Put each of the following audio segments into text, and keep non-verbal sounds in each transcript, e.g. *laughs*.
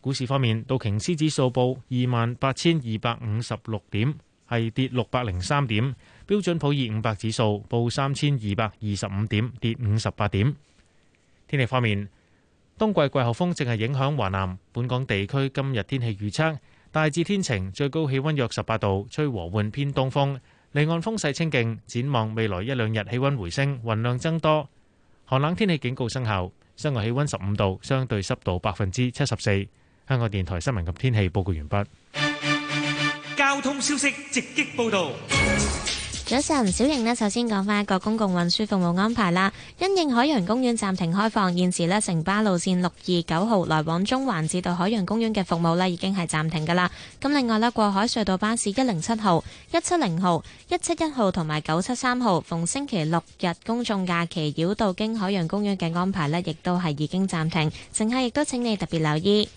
股市方面，道瓊斯指數報二萬八千二百五十六點，係跌六百零三點，標準普爾五百指數報三千二百二十五點，跌五十八點。天氣方面，冬季季候風正係影響華南本港地區，今日天氣預測大致天晴，最高氣溫約十八度，吹和緩偏東風，離岸風勢清勁。展望未來一兩日，氣溫回升，雲量增多。寒冷天氣警告生效，室外氣溫十五度，相對濕度百分之七十四。香港電台新聞及天氣報告完畢。交通消息直擊報道。早晨，小瑩呢，首先講返一個公共運輸服務安排啦。因應海洋公園暫停開放，現時呢，城巴路線六二九號來往中環至到海洋公園嘅服務呢已經係暫停㗎喇。咁另外呢，過海隧道巴士一零七號、一七零號、一七一號同埋九七三號，逢星期六日公眾假期繞道經海洋公園嘅安排呢，亦都係已經暫停。乘客亦都請你特別留意。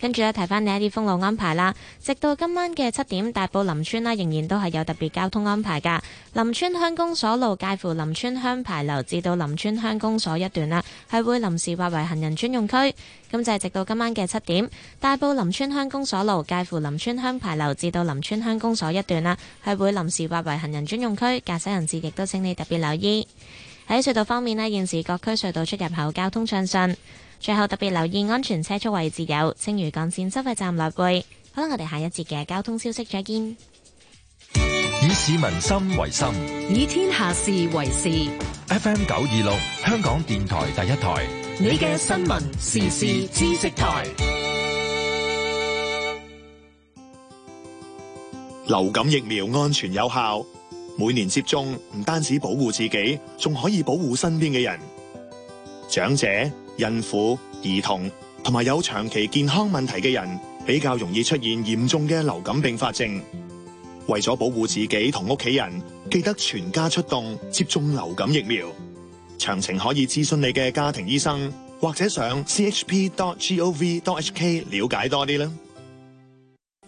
跟住咧，提翻你一啲封路安排啦。直到今晚嘅七點，大埔林村啦，仍然都係有特別交通安排㗎。林村鄉公所路介乎林村鄉牌樓至到林村鄉公所一段啦，係會臨時劃為行人專用區。咁就係直到今晚嘅七點，大埔林村鄉公所路介乎林村鄉牌樓至到林村鄉公所一段啦，係會臨時劃為行人專用區。駕駛人士亦都請你特別留意。喺隧道方面呢，現時各區隧道出入口交通暢順。最後特別留意安全車速位置，有青嶼幹線收費站落會。好啦，我哋下一節嘅交通消息再見。以市民心為心，以天下事為事。F M 九二六，香港電台第一台，你嘅新聞時事知識台。流感疫苗安全有效，每年接種唔單止保護自己，仲可以保護身邊嘅人，長者、孕婦、兒童同埋有長期健康問題嘅人比較容易出現嚴重嘅流感併發症。為咗保護自己同屋企人，記得全家出動接種流感疫苗。詳情可以諮詢你嘅家庭醫生，或者上 chp.gov.hk 了解多啲啦。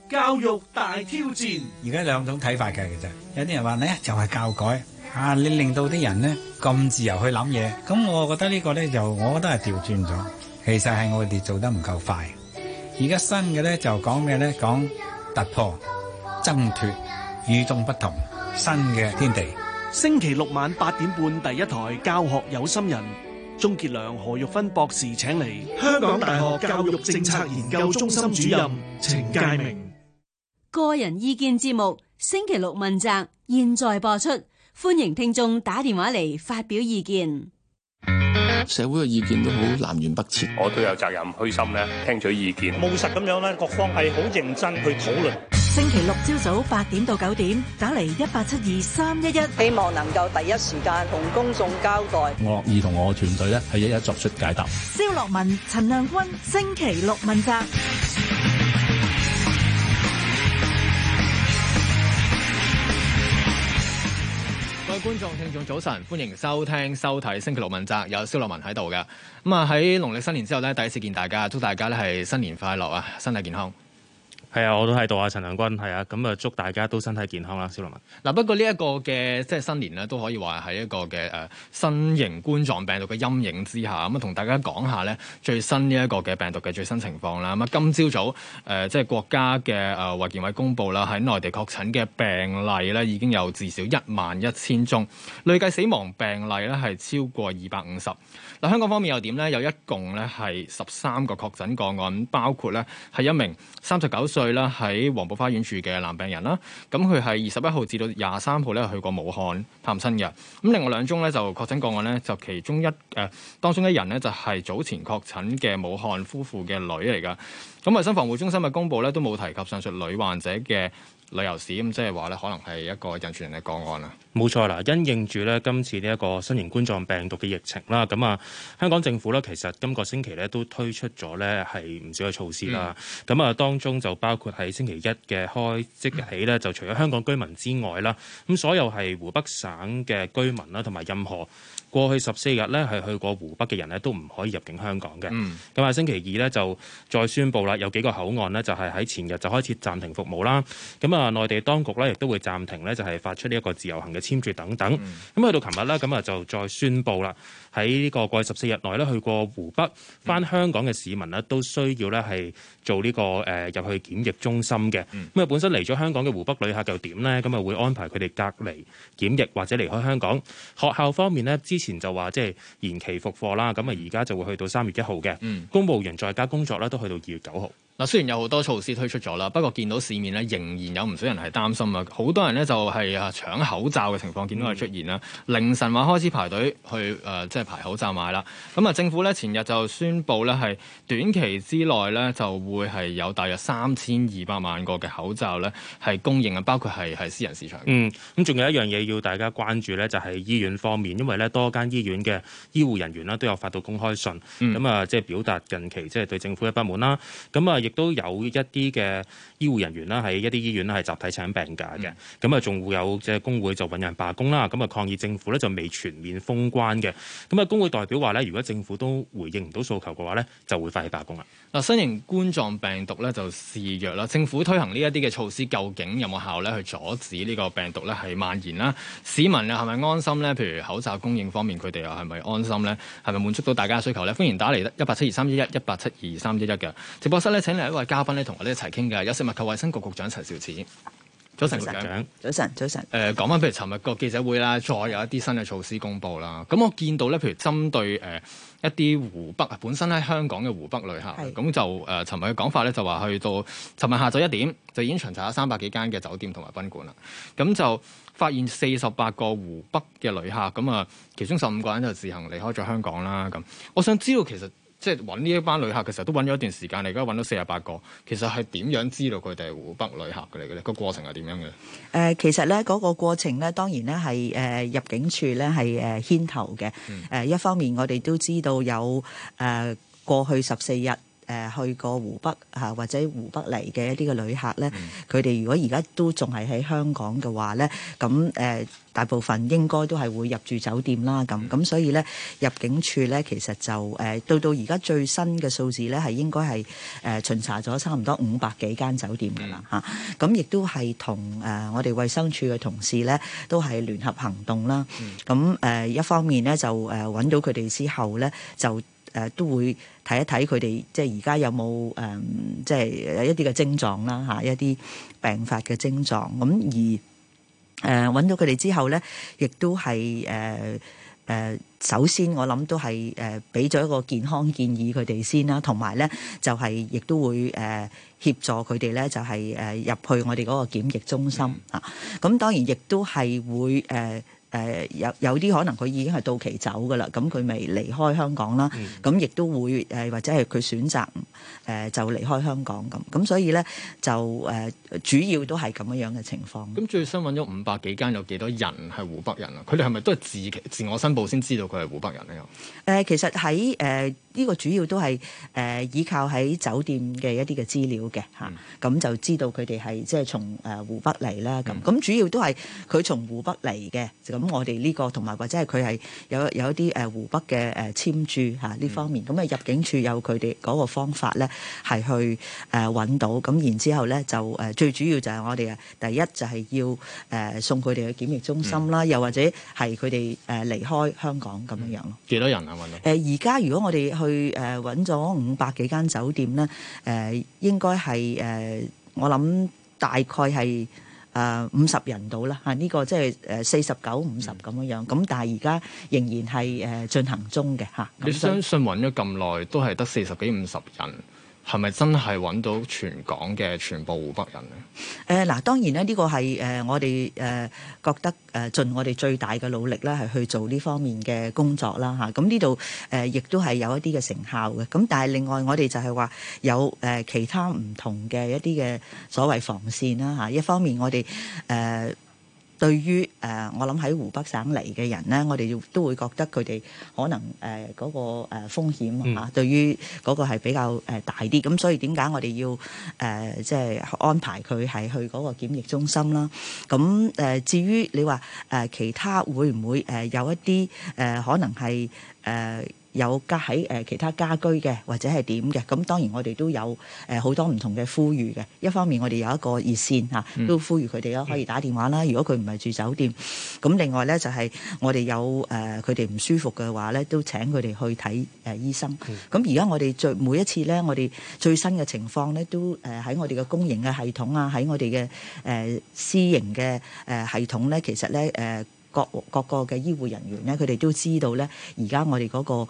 教育大挑戰，而家兩種睇法嘅其實有啲人話咧就係、是、教改。啊！你令到啲人呢，咁自由去諗嘢，咁我覺得呢個呢，就我覺得係調轉咗。其實係我哋做得唔夠快。而家新嘅呢就講咩呢？講突破、掙脫、與眾不同、新嘅天地。星期六晚八點半，第一台教學有心人，鍾傑良、何玉芬博士請嚟香港大學教育政策研究中心主任程介明。個人意見節目，星期六問責，現在播出。歡迎聽眾打電話嚟發表意見。社會嘅意見都好南轅北轍，我都有責任虛心咧，聽取意見，務實咁樣咧，各方係好認真去討論。星期六朝早八點到九點，打嚟一八七二三一一，希望能夠第一時間同公眾交代。我樂意同我團隊咧，係一,一一作出解答。蕭洛汶、陳亮均，星期六問責。觀眾聽眾早晨，歡迎收聽收睇星期六問責，有蕭洛汶喺度㗎。咁啊，喺農曆新年之後咧，第一次見大家，祝大家咧係新年快樂啊，身體健康。係啊，我都喺度啊，陳亮均，係啊，咁啊，祝大家都身體健康啦，蕭洛汶。嗱，不過呢一個嘅即係新年呢都可以話喺一個嘅新型冠狀病毒嘅陰影之下，咁啊，同大家講下呢最新呢一個嘅病毒嘅最新情況啦。咁啊，今朝早即係國家嘅誒衞健委公佈啦，喺內地確診嘅病例呢已經有至少一萬一千宗，累計死亡病例呢係超過二百五十。嗱，香港方面又點呢？有一共呢係十三個確診個案，包括呢係一名三十九歲。對啦，喺黃埔花園住嘅男病人啦，咁佢係二十一號至到廿三號咧去過武漢探親嘅。咁另外兩宗咧就確診個案咧，就其中一誒、呃、當中一人咧就係早前確診嘅武漢夫婦嘅女嚟㗎。咁衞生防護中心嘅公佈咧都冇提及上述女患者嘅。旅遊史，咁即係話咧，就是、可能係一個人傳人嘅個案啦。冇錯啦，因應住咧今次呢一個新型冠狀病毒嘅疫情啦，咁啊，香港政府呢，其實今個星期呢都推出咗呢係唔少嘅措施啦。咁、嗯、啊當中就包括喺星期一嘅開即日起呢，就除咗香港居民之外啦，咁所有係湖北省嘅居民啦，同埋任何，過去十四日咧係去過湖北嘅人咧都唔可以入境香港嘅。咁啊，星期二咧就再宣布啦，有幾個口岸咧就係喺前日就開始暫停服務啦。咁啊，內地當局咧亦都會暫停咧就係發出呢一個自由行嘅簽注等等。咁去到琴日啦，咁啊就再宣布啦。喺呢個過去十四日內咧去過湖北返香港嘅市民咧，都需要咧係做呢、呢個誒入、呃、去檢疫中心嘅。咁、嗯、啊，本身嚟咗香港嘅湖北旅客又點呢？咁啊，會安排佢哋隔離檢疫或者離開香港。學校方面呢，之前就話即係延期復課啦，咁啊而家就會去到三月一號嘅。公務員在家工作咧，都去到二月九號。嗱，雖然有好多措施推出咗啦，不過見到市面呢，仍然有唔少人係擔心啊！好多人呢，就係啊搶口罩嘅情況見到係出現啦、嗯，凌晨話開始排隊去誒，即、呃、係、就是、排口罩買啦。咁啊，政府呢前日就宣布呢係短期之內呢就會係有大約三千二百萬個嘅口罩呢係供應啊，包括係喺私人市場。嗯，咁仲有一樣嘢要大家關注呢，就係、是、醫院方面，因為呢多間醫院嘅醫護人員呢都有發到公開信，咁啊即係表達近期即係對政府嘅不滿啦。咁啊，亦都有一啲嘅醫護人員啦，喺一啲醫院咧係集體請病假嘅。咁、嗯、啊，仲會有即係工會就揾人罷工啦。咁啊，抗議政府呢，就未全面封關嘅。咁啊，工會代表話呢，如果政府都回應唔到訴求嘅話呢，就會發起罷工啦。嗱，新型冠狀病毒呢，就肆虐啦。政府推行呢一啲嘅措施，究竟有冇效呢？去阻止呢個病毒呢，係蔓延啦？市民啊，係咪安心呢？譬如口罩供應方面，佢哋又係咪安心呢？係咪滿足到大家嘅需求呢？歡迎打嚟一八七二三一一一八七二三一一嘅直播室呢。請嚟一位嘉賓咧，同我哋一齊傾嘅有食物及衞生局局長陳肇始。早晨，局長。早晨，早晨。誒，講、呃、翻譬如尋日個記者會啦，再有一啲新嘅措施公布啦。咁我見到咧，譬如針對誒、呃、一啲湖北本身喺香港嘅湖北旅客，咁就誒尋日嘅講法咧，就話去到尋日下晝一點，就已經巡查咗三百幾間嘅酒店同埋賓館啦。咁就發現四十八個湖北嘅旅客，咁啊，其中十五個人就自行離開咗香港啦。咁我想知道其實。即係揾呢一班旅客嘅時候，都揾咗一段時間嚟，而家揾到四十八個，其實係點樣知道佢哋係湖北旅客嚟嘅咧？個過程係點樣嘅？誒，其實咧嗰個過程咧，當然咧係誒入境處咧係誒牽頭嘅。誒、嗯呃、一方面我哋都知道有誒、呃、過去十四日。誒去過湖北嚇，或者湖北嚟嘅呢個旅客咧，佢哋如果而家都仲係喺香港嘅話咧，咁誒大部分應該都係會入住酒店啦。咁咁所以咧，入境處咧其實就誒到到而家最新嘅數字咧，係應該係誒巡查咗差唔多五百幾間酒店㗎啦嚇。咁亦都係同誒我哋衛生署嘅同事咧，都係聯合行動啦。咁誒一方面咧就誒搵到佢哋之後咧就。誒都會睇一睇佢哋，即係而家有冇誒，即係一啲嘅症狀啦吓，一啲病發嘅症狀。咁而誒搵到佢哋之後咧，亦都係誒誒，首先我諗都係誒，俾咗一個健康建議佢哋先啦，同埋咧就係亦都會誒協助佢哋咧，就係誒入去我哋嗰個檢疫中心啊。咁、嗯、當然亦都係會誒。呃誒、呃、有有啲可能佢已經係到期走㗎喇，咁佢未離開香港啦？咁亦都會誒，或者係佢選擇誒、呃、就離開香港咁。咁所以咧就誒、呃、主要都係咁樣樣嘅情況。咁、嗯、最新揾咗五百幾間，有幾多人係湖北人啊？佢哋係咪都係自自我申報先知道佢係湖北人咧？誒、呃，其實喺誒呢個主要都係誒、呃、依靠喺酒店嘅一啲嘅資料嘅嚇，咁、嗯啊、就知道佢哋係即係從誒、呃、湖北嚟啦。咁咁、嗯、主要都係佢從湖北嚟嘅。咁我哋呢個同埋或者係佢係有有一啲誒湖北嘅誒簽注嚇呢方面，咁、嗯、啊入境處有佢哋嗰個方法咧，係去誒揾到，咁然之後咧就誒最主要就係我哋啊第一就係要誒送佢哋去檢疫中心啦、嗯，又或者係佢哋誒離開香港咁樣樣咯。幾、嗯、多人啊揾？誒而家如果我哋去誒揾咗五百幾間酒店咧，誒應該係誒我諗大概係。誒五十人到啦，嚇呢個即係誒四十九五十咁樣樣，咁但係而家仍然係誒進行中嘅嚇。你相信揾咗咁耐都係得四十幾五十人？係咪真係揾到全港嘅全部湖北人咧？誒、呃、嗱，當然咧，呢個係誒我哋誒覺得誒盡我哋最大嘅努力啦，係去做呢方面嘅工作啦，嚇、啊！咁呢度誒亦都係有一啲嘅成效嘅。咁但係另外我哋就係話有誒、呃、其他唔同嘅一啲嘅所謂防線啦，嚇、啊！一方面我哋誒。呃對於誒，我諗喺湖北省嚟嘅人咧，我哋要都會覺得佢哋可能誒嗰、呃，個誒風險嚇，對於嗰個係比較大啲，咁所以點解我哋要誒即係安排佢係去嗰個檢疫中心啦？咁、呃、至於你話誒、呃、其他會唔會誒、呃、有一啲誒、呃、可能係誒？呃有家喺誒其他家居嘅或者係點嘅，咁當然我哋都有誒好多唔同嘅呼籲嘅。一方面我哋有一個熱線吓、嗯，都呼籲佢哋咯可以打電話啦、嗯。如果佢唔係住酒店，咁另外咧就係我哋有誒佢哋唔舒服嘅話咧，都請佢哋去睇誒醫生。咁而家我哋最每一次咧，我哋最新嘅情況咧，都誒喺我哋嘅公營嘅系統啊，喺我哋嘅誒私營嘅誒系統咧，其實咧誒。各各個嘅醫護人員咧，佢哋都知道咧、那個，而家我哋嗰個誒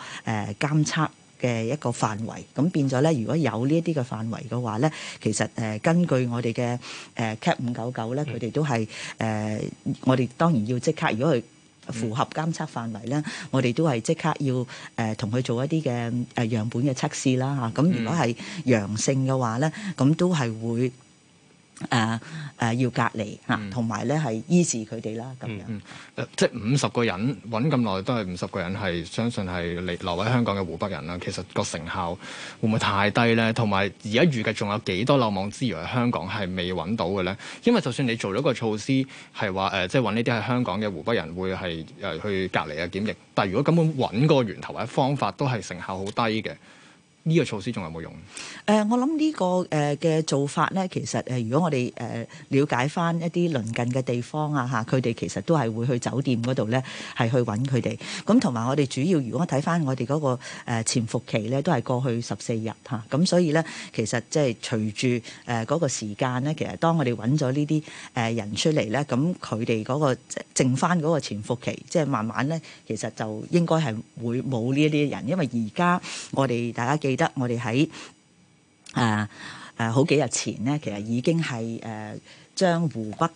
監測嘅一個範圍，咁變咗咧，如果有呢一啲嘅範圍嘅話咧，其實誒、呃、根據我哋嘅誒 Cap 599咧，佢哋都係誒，我哋當然要即刻，如果佢符合監測範圍咧，我哋都係即刻要誒同佢做一啲嘅誒樣本嘅測試啦吓。咁如果係陽性嘅話咧，咁都係會。誒、呃、誒、呃、要隔離嚇，同埋咧係醫治佢哋啦咁樣。嗯嗯呃、即係五十個人揾咁耐都係五十個人，係相信係嚟留喺香港嘅湖北人啦。其實個成效會唔會太低咧？同埋而家預計仲有幾多漏網之魚喺香港係未揾到嘅咧？因為就算你做咗個措施係話誒，即係揾呢啲喺香港嘅湖北人會係誒、呃、去隔離啊檢疫，但係如果根本揾個源頭或者方法都係成效好低嘅。呢、這個措施仲有冇用？誒、呃，我諗呢、這個誒嘅、呃、做法咧，其實誒，如果我哋誒瞭解翻一啲鄰近嘅地方啊，嚇、啊，佢哋其實都係會去酒店嗰度咧，係去揾佢哋。咁同埋我哋主要，如果睇翻我哋嗰個誒潛伏期咧，都係過去十四日嚇。咁、啊、所以咧，其實即係隨住誒嗰個時間咧，其實當我哋揾咗呢啲誒人出嚟咧，咁佢哋嗰個剩翻嗰個潛伏期，即係慢慢咧，其實就應該係會冇呢一啲人，因為而家我哋大家記。我哋喺誒誒好幾日前咧，其實已經係誒、呃、將湖北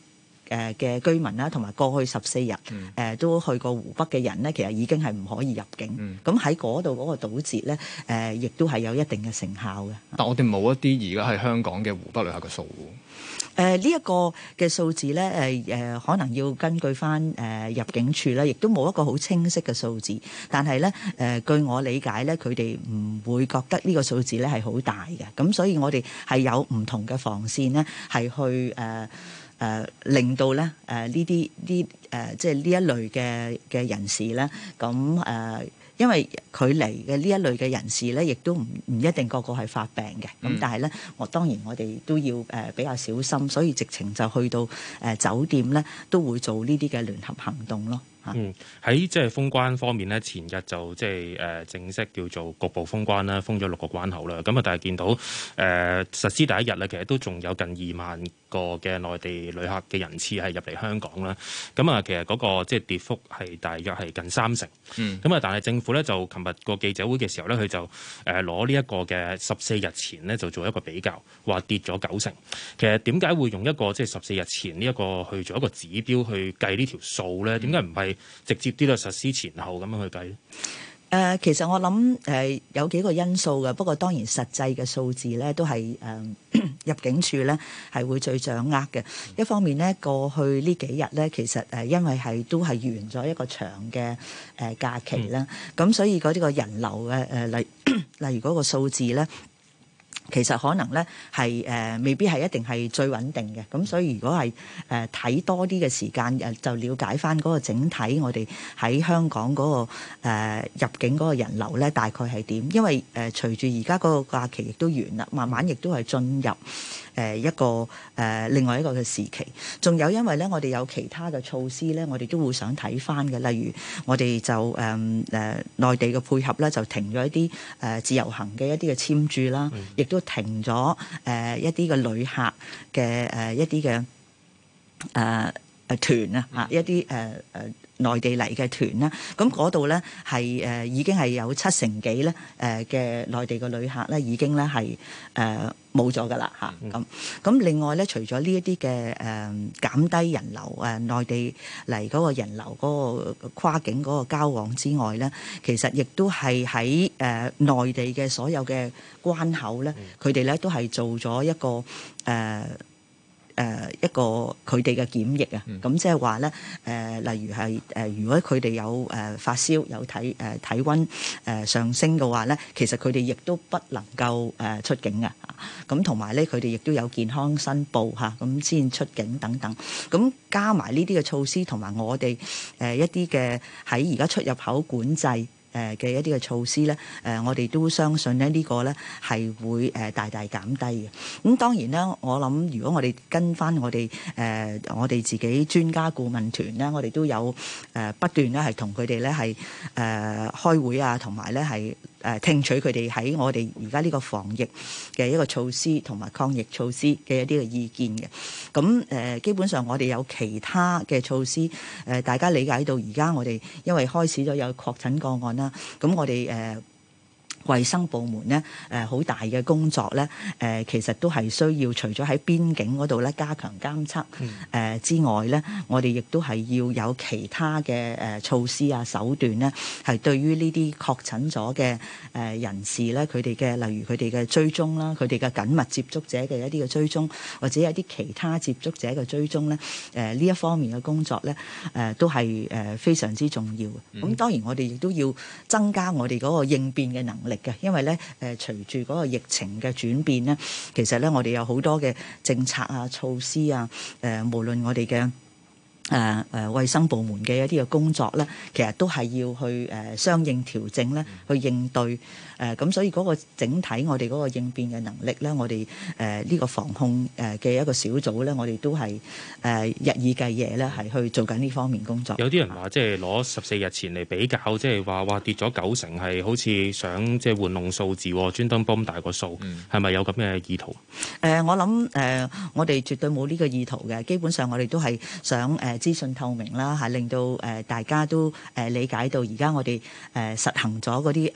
誒嘅居民啦，同埋過去十四日誒都去過湖北嘅人咧，其實已經係唔可以入境。咁喺嗰度嗰個堵截咧，誒、呃、亦都係有一定嘅成效嘅。但我哋冇一啲而家喺香港嘅湖北旅客嘅數。誒呢一個嘅數字咧，誒誒可能要根據翻誒入境處啦，亦都冇一個好清晰嘅數字。但係咧，誒據我理解咧，佢哋唔會覺得呢個數字咧係好大嘅。咁所以我哋係有唔同嘅防線咧，係去誒誒令到咧誒呢啲呢誒即係呢一類嘅嘅人士咧，咁誒。因為佢嚟嘅呢一類嘅人士咧，亦都唔唔一定個個係發病嘅，咁、嗯、但係咧，我當然我哋都要誒、呃、比較小心，所以直情就去到誒、呃、酒店咧，都會做呢啲嘅聯合行動咯。嗯，喺即係封關方面咧，前日就即係誒正式叫做局部封關啦，封咗六個關口啦。咁啊，但係見到誒、呃、實施第一日咧，其實都仲有近二萬。個嘅內地旅客嘅人次係入嚟香港啦，咁啊，其實嗰個即係跌幅係大約係近三成。嗯，咁啊，但係政府咧就琴日個記者會嘅時候咧，佢就誒攞呢一個嘅十四日前咧就做一個比較，話跌咗九成。其實點解會用一個即係十四日前呢一個去做一個指標去計呢條數咧？點解唔係直接啲到實施前後咁樣去計？誒、呃，其實我諗誒、呃、有幾個因素嘅，不過當然實際嘅數字咧都係誒、呃、入境處咧係會最掌握嘅。一方面咧，過去這幾天呢幾日咧，其實誒因為係都係完咗一個長嘅誒、呃、假期啦，咁所以嗰啲個人流嘅誒、呃、例例如嗰個數字咧。其實可能咧係誒未必係一定係最穩定嘅，咁所以如果係誒睇多啲嘅時間、呃、就了解翻嗰個整體，我哋喺香港嗰個、呃、入境嗰個人流咧大概係點？因為誒隨住而家嗰個假期亦都完啦，慢慢亦都係進入。誒、呃、一個誒、呃、另外一個嘅時期，仲有因為咧，我哋有其他嘅措施咧，我哋都會想睇返嘅。例如我們，我哋就誒誒內地嘅配合咧，就停咗一啲誒、呃、自由行嘅一啲嘅簽注啦，亦都停咗誒、呃、一啲嘅旅客嘅誒一啲嘅誒誒團啊吓，一啲誒誒。呃內地嚟嘅團啦，咁嗰度咧係誒已經係有七成幾咧誒嘅內地嘅旅客咧已經咧係誒冇咗噶啦嚇，咁咁另外咧除咗呢一啲嘅誒減低人流誒內地嚟嗰個人流嗰個跨境嗰個交往之外咧，其實亦都係喺誒內地嘅所有嘅關口咧，佢哋咧都係做咗一個誒。誒、呃、一個佢哋嘅檢疫啊，咁即係話咧誒，例如係誒、呃，如果佢哋有誒發燒有體誒、呃、體温誒、呃、上升嘅話咧，其實佢哋亦都不能夠誒、呃、出境嘅。咁同埋咧，佢哋亦都有健康申報吓，咁、啊、先出境等等。咁、啊、加埋呢啲嘅措施，同埋我哋誒一啲嘅喺而家出入口管制。誒嘅一啲嘅措施咧，誒我哋都相信咧呢個咧係會誒大大減低嘅。咁當然啦，我諗如果我哋跟翻我哋誒、呃、我哋自己專家顧問團咧，我哋都有誒、呃、不斷咧係同佢哋咧係誒開會，啊，同埋咧係誒聽取佢哋喺我哋而家呢個防疫嘅一個措施同埋抗疫措施嘅一啲嘅意見嘅，咁誒基本上我哋有其他嘅措施，誒大家理解到而家我哋因為開始咗有確診個案啦，咁我哋誒。衛生部門咧，誒、呃、好大嘅工作咧，誒、呃、其實都係需要除咗喺邊境嗰度咧加強監測誒之外咧，我哋亦都係要有其他嘅誒、呃、措施啊手段咧，係對於呢啲確診咗嘅誒人士咧，佢哋嘅例如佢哋嘅追蹤啦，佢哋嘅緊密接觸者嘅一啲嘅追蹤或者有啲其他接觸者嘅追蹤咧，誒、呃、呢一方面嘅工作咧，誒、呃、都係誒、呃、非常之重要。咁當然我哋亦都要增加我哋嗰個應變嘅能力。嘅，因為咧，誒隨住嗰個疫情嘅轉變咧，其實咧，我哋有好多嘅政策啊、措施啊，誒、呃、無論我哋嘅。誒誒，衞生部門嘅一啲嘅工作咧，其實都係要去誒相應調整咧，去應對誒咁，所以嗰個整體我哋嗰個應變嘅能力咧，我哋誒呢個防控誒嘅一個小組咧，我哋都係誒日以繼夜咧，係去做緊呢方面工作。有啲人話即係攞十四日前嚟比較，即係話話跌咗九成，係好似想即係玩弄數字，專登報咁大個數，係咪有咁嘅意圖？誒，我諗誒，我哋絕對冇呢個意圖嘅。基本上我哋都係想誒。資訊透明啦嚇，令到誒大家都誒理解到，而家我哋誒實行咗嗰啲誒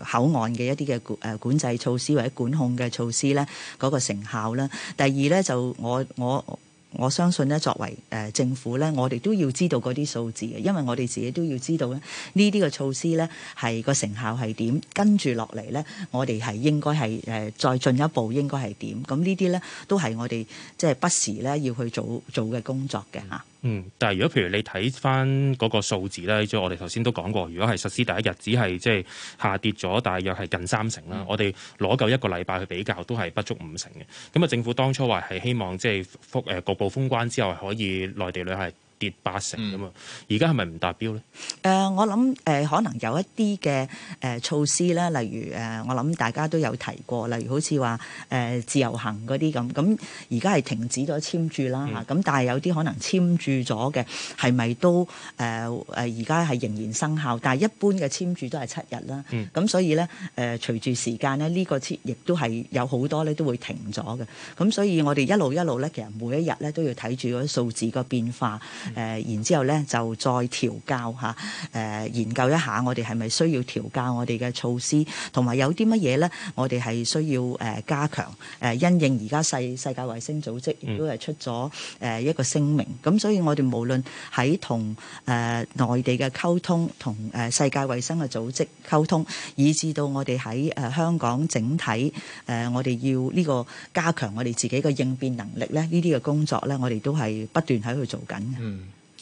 誒口岸嘅一啲嘅誒管制措施或者管控嘅措施咧，嗰個成效啦。第二咧就我我我相信咧，作為誒政府咧，我哋都要知道嗰啲數字嘅，因為我哋自己都要知道咧，呢啲嘅措施咧係個成效係點，跟住落嚟咧，我哋係應該係誒再進一步應該係點。咁呢啲咧都係我哋即係不時咧要去做做嘅工作嘅嚇。嗯，但係如果譬如你睇翻嗰個數字咧，即係我哋頭先都講過，如果係實施第一日只係即係下跌咗，大約係近三成啦、嗯。我哋攞夠一個禮拜去比較都係不足五成嘅。咁啊，政府當初話係希望即係誒局部封關之後，可以內地旅客跌八成咁嘛，而家係咪唔達標咧？誒、呃，我諗誒、呃、可能有一啲嘅誒措施咧，例如誒、呃，我諗大家都有提過，例如好似話誒自由行嗰啲咁。咁而家係停止咗簽注啦嚇。咁、嗯、但係有啲可能簽注咗嘅，係咪都誒誒而家係仍然生效？但係一般嘅簽注都係七日啦。咁、嗯、所以咧誒，隨、呃、住時間咧，呢、這個亦都係有好多咧都會停咗嘅。咁所以我哋一路一路咧，其實每一日咧都要睇住嗰啲數字個變化。誒，然之後咧就再調教吓，誒研究一下我哋係咪需要調教我哋嘅措施，同埋有啲乜嘢咧？我哋係需要誒加強誒因應而家世世界衛生組織亦都係出咗誒一個聲明。咁、嗯、所以，我哋無論喺同誒內地嘅溝通，同誒世界衛生嘅組織溝通，以至到我哋喺誒香港整體誒，我哋要呢個加強我哋自己嘅應變能力咧，呢啲嘅工作咧，我哋都係不斷喺度做緊。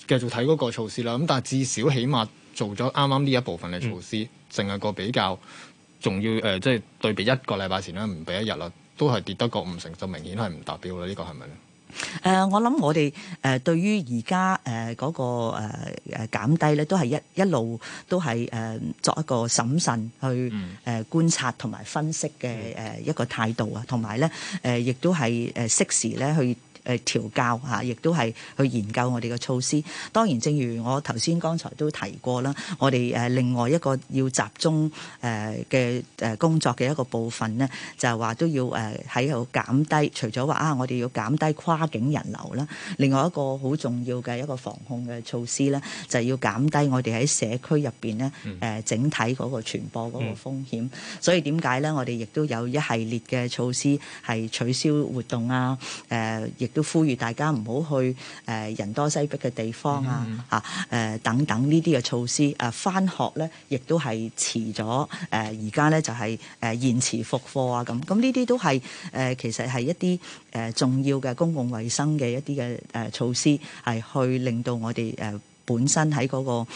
繼續睇嗰個措施啦，咁但係至少起碼做咗啱啱呢一部分嘅措施，淨、嗯、係個比較重要，仲要誒，即、就、係、是、對比一個禮拜前啦，唔比一日啦，都係跌得個五成，就明顯係唔達標啦。呢、這個係咪咧？誒、呃，我諗我哋誒、呃、對於而家誒嗰個誒誒、呃、減低咧，都係一一路都係誒、呃、作一個審慎去誒、呃、觀察同埋分析嘅誒一個態度啊，同埋咧誒亦都係誒適時咧去。誒調教吓亦都係去研究我哋嘅措施。當然，正如我頭先剛才都提過啦，我哋誒另外一個要集中誒嘅誒工作嘅一個部分咧，就係話都要誒喺度減低。除咗話啊，我哋要減低跨境人流啦，另外一個好重要嘅一個防控嘅措施咧，就要減低我哋喺社區入邊咧誒整體嗰個傳播嗰個風險。所以點解咧？我哋亦都有一系列嘅措施係取消活動啊，誒。亦。都呼籲大家唔好去誒、呃、人多擠迫嘅地方啊，嚇、啊、誒、呃、等等呢啲嘅措施啊，返、呃、學咧亦都係遲咗誒，而家咧就係、是、誒、呃、延遲復課啊，咁咁呢啲都係誒、呃、其實係一啲誒、呃、重要嘅公共衞生嘅一啲嘅誒措施，係去令到我哋誒。呃本身喺嗰個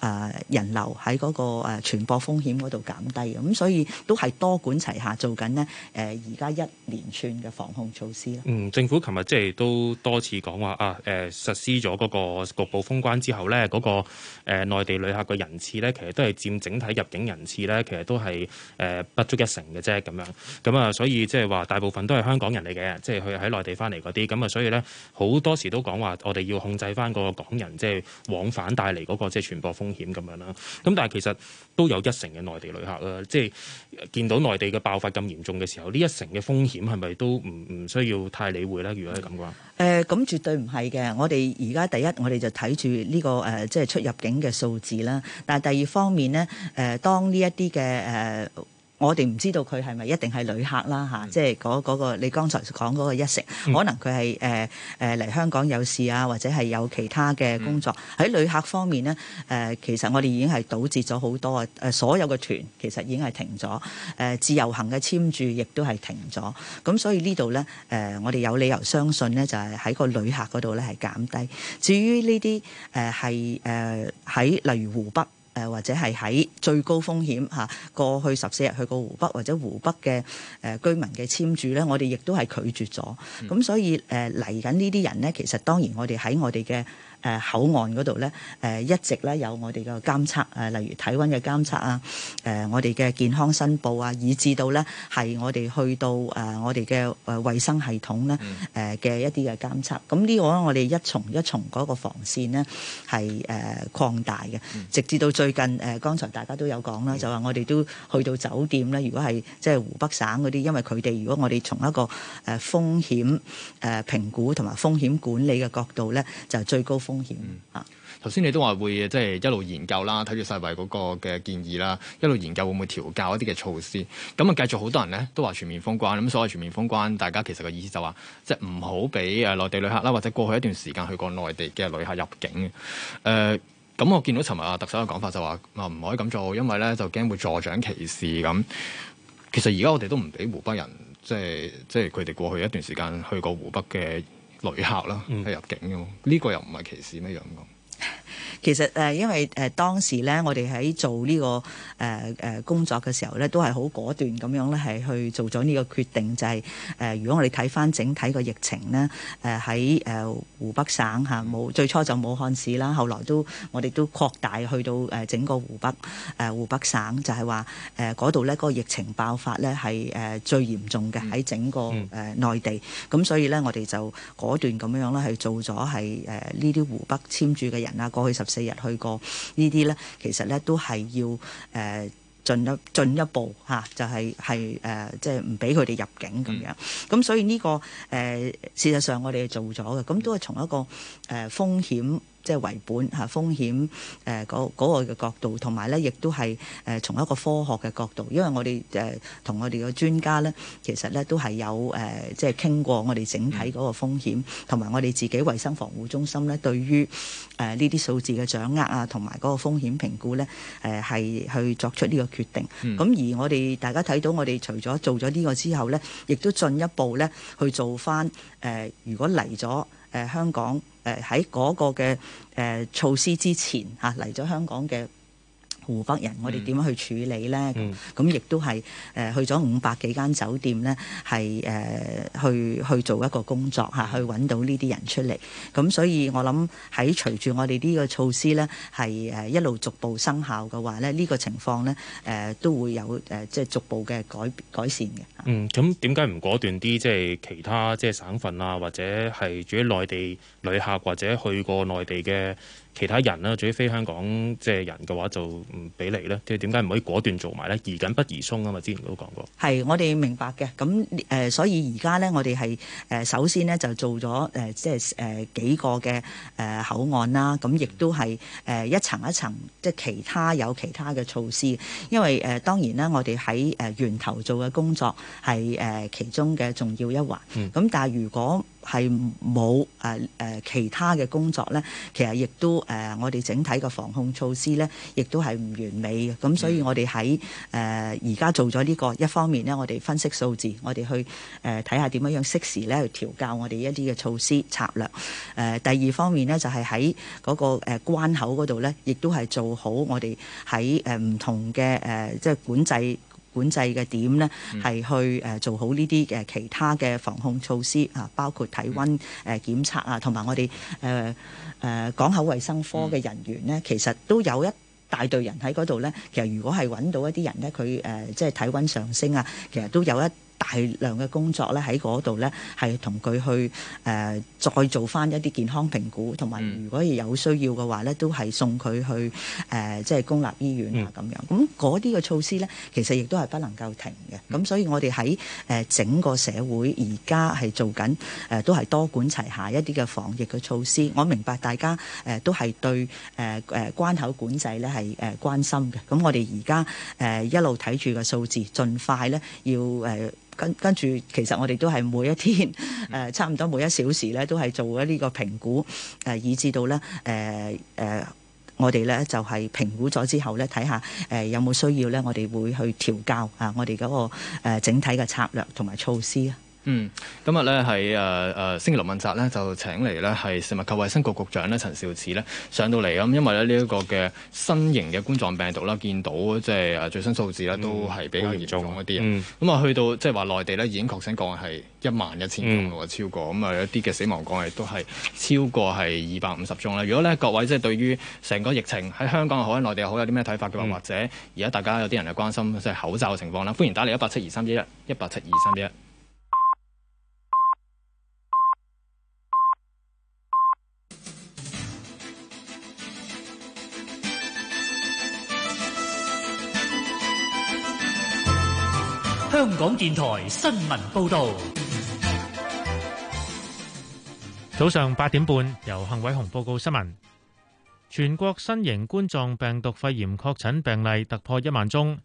誒人流喺嗰個誒傳播風險嗰度減低，咁所以都係多管齊下做緊咧。誒而家一連串嘅防控措施啊。嗯，政府琴日即係都多次講話啊，誒、呃、實施咗嗰、嗰個局部封關之後咧，嗰、嗰個誒、呃、內地旅客嘅人次咧，其實都係佔整體入境人次咧，其實都係誒不足一成嘅啫咁樣咁啊，所以即係話大部分都係香港人嚟嘅，即係佢喺內地翻嚟嗰啲。咁啊，所以咧好多時都講話我哋要控制翻個港人即係。就是往返帶嚟嗰、那個即係、就是、傳播風險咁樣啦，咁但係其實都有一成嘅內地旅客啦，即係見到內地嘅爆發咁嚴重嘅時候，呢一成嘅風險係咪都唔唔需要太理會咧？如果係咁嘅話，誒、呃，咁絕對唔係嘅。我哋而家第一，我哋就睇住呢個誒、呃，即係出入境嘅數字啦。但係第二方面咧，誒、呃，當呢一啲嘅誒。呃我哋唔知道佢係咪一定係旅客啦吓、嗯，即係嗰嗰個你剛才講嗰個一成，嗯、可能佢係誒誒嚟香港有事啊，或者係有其他嘅工作喺、嗯、旅客方面咧誒、呃、其實我哋已經係堵截咗好多啊！誒、呃，所有嘅團其實已經係停咗，誒、呃、自由行嘅簽注亦都係停咗，咁所以這裡呢度咧誒我哋有理由相信咧，就係、是、喺個旅客嗰度咧係減低。至於呢啲誒係誒喺例如湖北。誒或者係喺最高風險下過去十四日去過湖北或者湖北嘅、呃、居民嘅簽注咧，我哋亦都係拒絕咗。咁、嗯、所以誒嚟緊呢啲人咧，其實當然我哋喺我哋嘅。誒口岸嗰度咧，一直咧有我哋嘅監測、呃，例如體溫嘅監測啊、呃，我哋嘅健康申報啊，以至到咧係我哋去到誒、呃、我哋嘅誒衞生系統咧嘅一啲嘅監測，咁呢個我哋一重一重嗰個防線咧係誒擴大嘅，直至到最近誒剛、呃、才大家都有講啦，就話我哋都去到酒店咧，如果係即係湖北省嗰啲，因為佢哋如果我哋從一個風險誒評估同埋風險管理嘅角度咧，就是、最高。風險啊！頭先、嗯、你都話會即係一路研究啦，睇住世衛嗰個嘅建議啦，一路研究會唔會調校一啲嘅措施？咁啊，繼續好多人咧都話全面封關，咁，所謂全面封關，大家其實個意思就話即係唔好俾誒內地旅客啦，或者過去一段時間去過內地嘅旅客入境誒，咁、呃、我見到尋日阿特首嘅講法就話啊唔可以咁做，因為咧就驚會助長歧視咁。其實而家我哋都唔俾湖北人，即係即係佢哋過去一段時間去過湖北嘅。旅客啦，係入境嘅喎，呢、嗯、個又唔係歧視咩，咁樣講。其實、呃、因為誒、呃、當時咧，我哋喺做呢、這個、呃呃、工作嘅時候咧，都係好果斷咁樣咧，係去做咗呢個決定，就係、是呃、如果我哋睇返整體個疫情呢，喺、呃、誒、呃、湖北省冇、啊、最初就武漢市啦，後來都我哋都擴大去到、呃、整個湖北誒、呃、湖北省，就係話嗰度咧，個、呃呃那個疫情爆發咧係、呃、最嚴重嘅喺整個誒內、呃嗯呃、地，咁所以咧，我哋就果斷咁樣咧係做咗係呢啲湖北簽注嘅人啊，過去。十四日去過呢啲咧，其實咧都係要誒進一進一步吓、啊，就係係誒即係唔俾佢哋入境咁樣。咁所以呢、這個誒、呃、事實上我哋係做咗嘅，咁都係從一個誒、呃、風險。即、就、係、是、為本嚇、啊、風險誒嗰、呃嗰個嘅角度，同埋咧亦都係誒、呃、從一個科學嘅角度，因為我哋誒同我哋嘅專家咧，其實咧都係有誒即係傾過我哋整體嗰個風險，同埋我哋自己衞生防護中心咧對於誒呢啲數字嘅掌握啊，同埋嗰個風險評估咧誒係去作出呢個決定。咁、嗯、而我哋大家睇到我哋除咗做咗呢個之後咧，亦都進一步咧去做翻誒、呃，如果嚟咗誒香港。誒喺嗰個嘅誒措施之前吓嚟咗香港嘅。湖北人，我哋點樣去處理咧？咁亦都係誒去咗五百幾間酒店咧，係誒、呃、去去做一個工作嚇，去揾到呢啲人出嚟。咁所以，我諗喺隨住我哋呢個措施咧，係誒一路逐步生效嘅話咧，呢個情況咧誒、呃、都會有誒即係逐步嘅改改善嘅。嗯，咁點解唔果斷啲？即係其他即係省份啊，或者係住喺內地旅客，或者去過內地嘅。其他人啦，除非香港即係人嘅話，就唔俾嚟咧。即係點解唔可以果斷做埋咧？宜緊不宜鬆啊！嘛，之前都講過，係我哋明白嘅。咁誒、呃，所以而家咧，我哋係誒首先咧，就做咗誒即係誒幾個嘅誒、呃、口岸啦。咁亦都係誒、呃、一層一層，即係其他有其他嘅措施。因為誒、呃、當然啦，我哋喺誒源頭做嘅工作係誒、呃、其中嘅重要一環。咁、嗯、但係如果，係冇誒誒其他嘅工作呢，其實亦都誒、呃、我哋整體嘅防控措施呢，亦都係唔完美嘅。咁所以我哋喺誒而家做咗呢、呢個一方面呢，我哋分析數字，我哋去誒睇下點樣樣適時咧去調教我哋一啲嘅措施策略。誒、呃、第二方面呢，就係喺嗰個誒關口嗰度呢，亦都係做好我哋喺誒唔同嘅誒即係管制。管制嘅點呢，係去誒做好呢啲嘅其他嘅防控措施啊，包括體温誒檢測啊，同埋我哋誒誒港口衞生科嘅人員呢。其實都有一大隊人喺嗰度呢。其實如果係揾到一啲人呢，佢誒、呃、即係體温上升啊，其實都有一。大量嘅工作咧喺嗰度咧，係同佢去誒再做翻一啲健康評估，同埋如果有需要嘅話咧，都係送佢去誒、呃、即係公立醫院啊咁、嗯、樣。咁嗰啲嘅措施咧，其實亦都係不能夠停嘅。咁所以我哋喺誒整個社會而家係做緊誒、呃、都係多管齊下一啲嘅防疫嘅措施。我明白大家誒、呃、都係對誒誒、呃、關口管制咧係誒關心嘅。咁我哋而家誒一路睇住個數字，盡快咧要誒。呃跟跟住，其實我哋都係每一天、呃、差唔多每一小時咧，都係做咗呢個評估，以至到咧、呃呃、我哋咧就係評估咗之後咧，睇下、呃、有冇需要咧，我哋會去調校啊，我哋嗰個、呃、整體嘅策略同埋措施啊。嗯，今日咧喺星期六問責咧，就請嚟咧係食物及衞生局局長咧陳肇始咧上到嚟，咁，因為咧呢一個嘅新型嘅冠狀病毒啦，見到即係最新數字呢都係比較嚴重一啲。咁、嗯、啊，嗯、去到即係話內地呢已經確診個案係一萬一千個、嗯、超過咁啊，嗯、一啲嘅死亡個案都係超過係二百五十宗啦。如果呢各位即係、就是、對於成個疫情喺香港好，喺內地又好，有啲咩睇法嘅話、嗯，或者而家大家有啲人係關心即係口罩嘅情況啦，歡迎打嚟一八七二三一一一八七二三一一。172 31, 172 31香港電台新聞報道，早上八點半，由幸偉雄報告新聞。全國新型冠狀病毒肺炎確診病例突破一萬宗。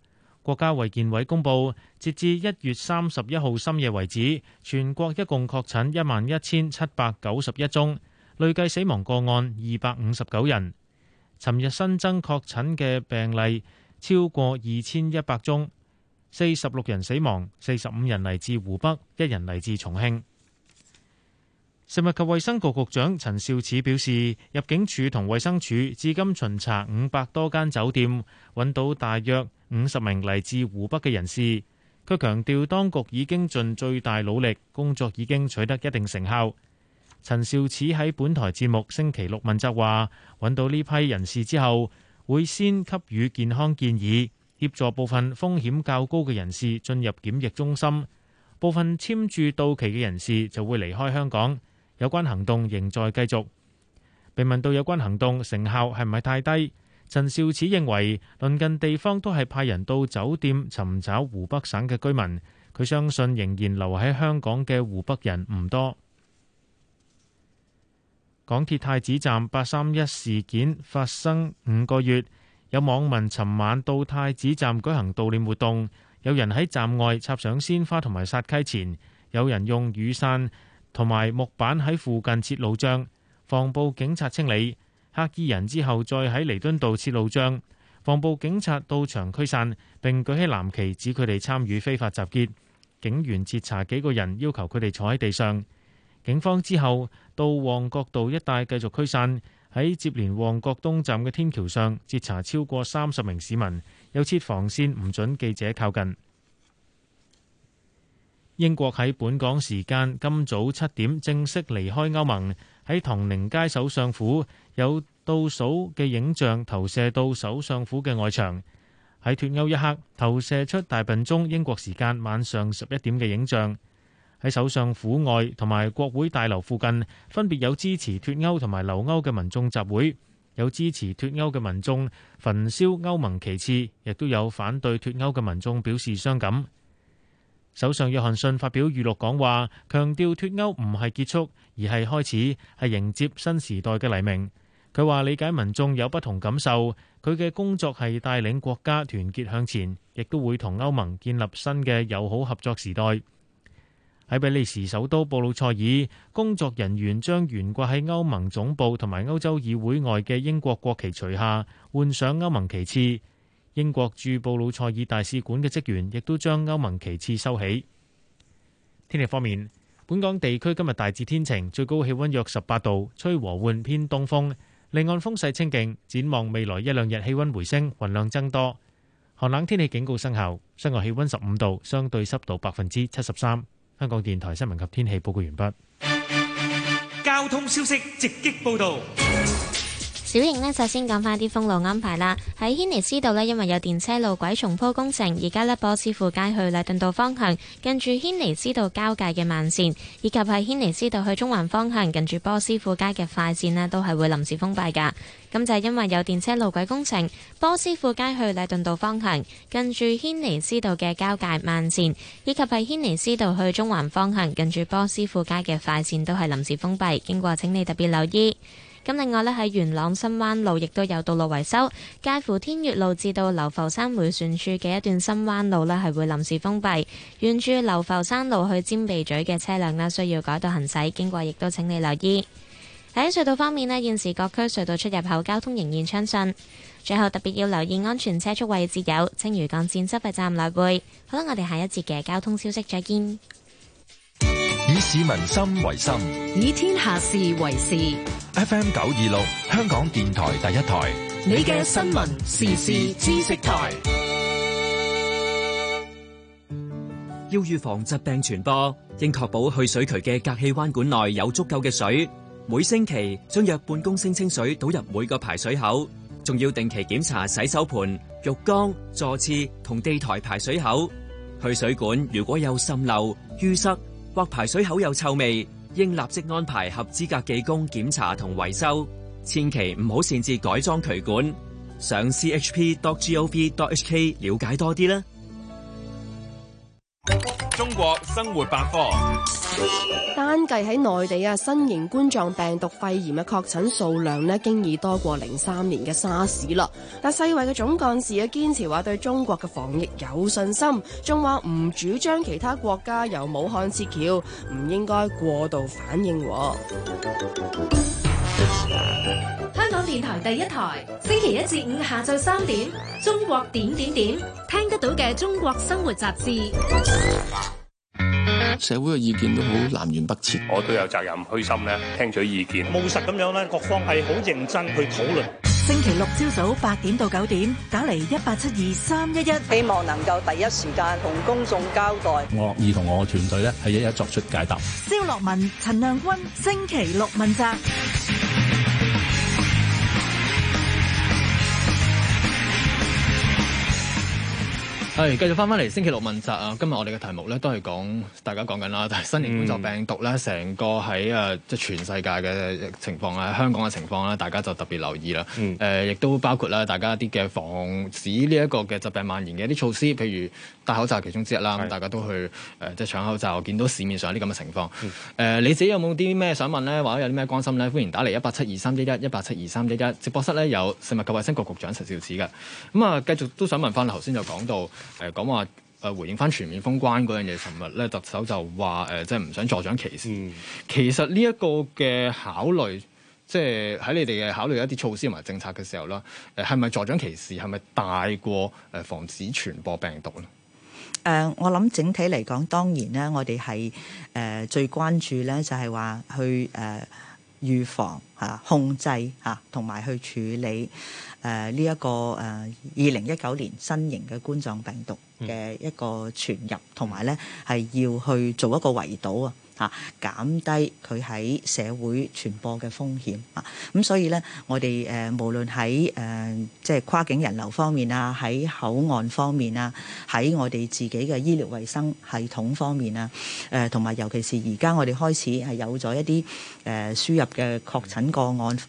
國家衛健委公布，截至一月三十一號深夜為止，全國一共確診一萬一千七百九十一宗，累計死亡個案二百五十九人。尋日新增確診嘅病例超過二千一百宗。四十六人死亡，四十五人嚟自湖北，一人嚟自重慶。食物及衛生局局長陳肇始表示，入境處同衛生署至今巡查五百多間酒店，揾到大約五十名嚟自湖北嘅人士。佢強調，當局已經盡最大努力，工作已經取得一定成效。陳肇始喺本台節目星期六問責話，揾到呢批人士之後，會先給予健康建議。協助部分風險較高嘅人士進入檢疫中心，部分簽注到期嘅人士就會離開香港。有關行動仍在繼續。被問到有關行動成效係唔係太低，陳肇始認為鄰近地方都係派人到酒店尋找湖北省嘅居民，佢相信仍然留喺香港嘅湖北人唔多。港鐵太子站八三一事件發生五個月。有網民尋晚到太子站舉行悼念活動，有人喺站外插上鮮花同埋撒溪錢，有人用雨傘同埋木板喺附近設路障，防暴警察清理黑衣人之後，再喺彌敦道設路障，防暴警察到場驅散並舉起藍旗指佢哋參與非法集結，警員截查幾個人，要求佢哋坐喺地上。警方之後到旺角道一帶繼續驅散。喺接連旺角東站嘅天橋上截查超過三十名市民，有設防線唔准記者靠近。英國喺本港時間今早七點正式離開歐盟，喺唐寧街首相府有倒數嘅影像投射到首相府嘅外牆。喺脱歐一刻，投射出大笨鐘英國時間晚上十一點嘅影像。喺首相府外同埋國會大樓附近，分別有支持脫歐同埋留歐嘅民眾集會，有支持脫歐嘅民眾焚燒歐盟旗幟，亦都有反對脫歐嘅民眾表示傷感。首相約翰遜發表預錄講話，強調脫歐唔係結束，而係開始，係迎接新時代嘅黎明。佢話理解民眾有不同感受，佢嘅工作係帶領國家團結向前，亦都會同歐盟建立新嘅友好合作時代。喺比利時首都布魯塞爾，工作人員將懸掛喺歐盟總部同埋歐洲議會外嘅英國國旗除下，換上歐盟旗幟。英國駐布魯塞爾大使館嘅職員亦都將歐盟旗幟收起。天氣方面，本港地區今日大致天晴，最高氣温約十八度，吹和緩偏東風。離岸風勢清勁。展望未來一兩日，氣温回升，雲量增多。寒冷天氣警告生效，室外氣温十五度，相對濕度百分之七十三。香港電台新聞及天氣報告完畢。交通消息直擊報道。小瑩呢，首先講翻啲封路安排啦。喺軒尼斯道呢，因為有電車路軌重鋪工程，而家呢，波斯富街去禮頓道方向，近住軒尼斯道交界嘅慢線，以及喺軒尼斯道去中環方向近住波斯富街嘅快線呢都係會臨時封閉噶。咁就係、是、因為有電車路軌工程，波斯富街去禮頓道方向，近住軒尼斯道嘅交界慢線，以及喺軒尼斯道去中環方向近住波斯富街嘅快線都係臨時封閉，經過請你特別留意。咁另外呢，喺元朗深灣路亦都有道路維修，介乎天悦路至到流浮山迴旋處嘅一段深灣路呢，係會臨時封閉，沿住流浮山路去尖鼻咀嘅車輛呢，需要改道行駛，經過亦都請你留意。喺隧道方面呢，現時各區隧道出入口交通仍然暢順。最後特別要留意安全車速位置有，青嶼幹線收費站來回。好啦，我哋下一節嘅交通消息，再見。以市民心為心，以天下事為事。FM 926或排水口有臭味，應立即安排合資格技工檢查同維修，千祈唔好擅自改裝渠管。上 chp.gov.hk 了解多啲啦。中國生活百科，單計喺內地啊，新型冠狀病毒肺炎嘅確診數量呢，經已多過零三年嘅沙士啦。但世衛嘅總幹事啊，堅持話對中國嘅防疫有信心，仲話唔主張其他國家由武漢撤僑，唔應該過度反應。香港電台第一台，星期一至五下晝三點，中國點點點聽得到嘅中國生活雜誌。社會嘅意見都好南轅北轍，我都有責任虛心咧聽取意見，務實咁樣咧，各方係好認真去討論。星期六朝早八點到九點，打嚟一八七二三一一，希望能夠第一時間同公眾交代。我樂意同我嘅團隊咧係一一作出解答。蕭洛汶、陳亮均，星期六問責。係，繼續翻翻嚟星期六問責啊！今日我哋嘅題目咧都係講大家講緊啦，就係、是、新型冠狀病毒咧，成個喺啊即係全世界嘅情況啊，香港嘅情況啦，大家就特別留意啦。誒、嗯，亦、呃、都包括啦，大家一啲嘅防止呢一個嘅疾病蔓延嘅一啲措施，譬如戴口罩係其中之一啦。大家都去誒即係搶口罩，見到市面上啲咁嘅情況。誒、嗯呃，你自己有冇啲咩想問咧？或者有啲咩關心咧？歡迎打嚟一八七二三一一一八七二三一一，直播室咧有食物及衞生局局長陳肇始嘅。咁、嗯、啊，繼續都想問翻頭先就講到。誒講話誒回應返全面封關嗰樣嘢，尋日咧特首就話誒，即係唔想助長歧視。其實呢一個嘅考慮，即係喺你哋嘅考慮一啲措施同埋政策嘅時候啦，誒係咪助長歧視？係咪大過誒防止傳播病毒咧？誒、呃，我諗整體嚟講，當然咧，我哋係誒最關注咧，就係話去誒預防嚇、啊、控制嚇同埋去處理。誒呢一個誒二零一九年新型嘅冠狀病毒嘅一個傳入，同埋呢係要去做一個圍堵啊。吓減低佢喺社會傳播嘅風險啊。咁所以咧，我哋誒無論喺誒即係跨境人流方面啊，喺口岸方面啊，喺我哋自己嘅醫療衛生系統方面啊，誒同埋尤其是而家我哋開始係有咗一啲誒輸入嘅確診個案，誒、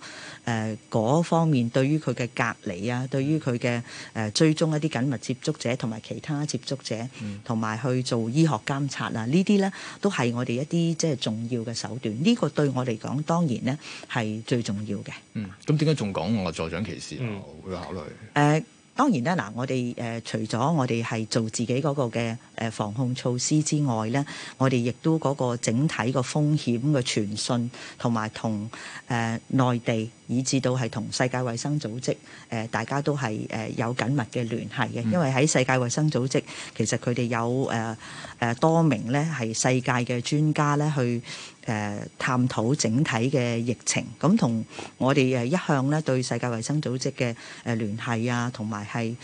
嗯、嗰方面對於佢嘅隔離啊，對於佢嘅誒追蹤一啲緊密接觸者同埋其他接觸者，同埋去做醫學監察啊，呢啲咧都係我哋一啲。啲即係重要嘅手段，呢、這個對我嚟講，當然咧係最重要嘅。嗯，咁點解仲講我係助長歧視會、嗯、考慮誒。呃當然啦，嗱，我哋除咗我哋係做自己嗰個嘅防控措施之外咧，我哋亦都嗰個整體個風險嘅傳訊同埋同誒內地，以至到係同世界衛生組織大家都係有緊密嘅聯繫嘅，因為喺世界衛生組織其實佢哋有誒多名咧係世界嘅專家咧去。誒探討整體嘅疫情，咁同我哋誒一向咧對世界衞生組織嘅誒聯繫啊，同埋係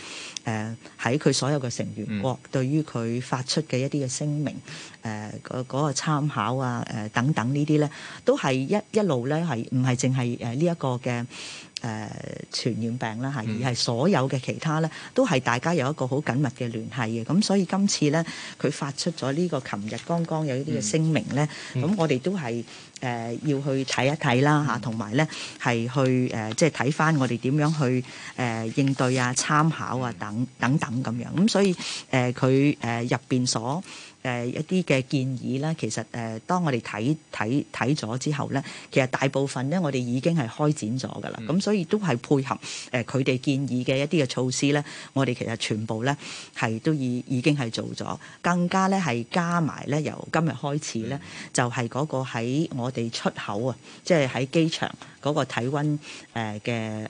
誒喺佢所有嘅成員國、嗯、對於佢發出嘅一啲嘅聲明，誒嗰嗰個參考啊，誒等等呢啲咧，都係一一路咧係唔係淨係誒呢一個嘅。誒、呃、傳染病啦嚇，而係所有嘅其他咧，都係大家有一個好緊密嘅聯繫嘅。咁所以今次咧，佢發出咗呢、這個，琴日剛剛有一啲嘅聲明咧。咁、嗯、我哋都係誒、呃、要去睇一睇啦嚇，同埋咧係去誒、呃、即係睇返我哋點樣去誒、呃、應對啊、參考啊等等等咁樣。咁所以誒佢誒入邊所。誒、呃、一啲嘅建議咧，其實誒、呃、當我哋睇睇睇咗之後咧，其實大部分咧我哋已經係開展咗㗎喇，咁、mm-hmm. 所以都係配合誒佢哋建議嘅一啲嘅措施咧，我哋其實全部咧係都已已經係做咗，更加咧係加埋咧由今日開始咧，就係嗰個喺我哋出口啊，即係喺機場嗰個體溫誒嘅誒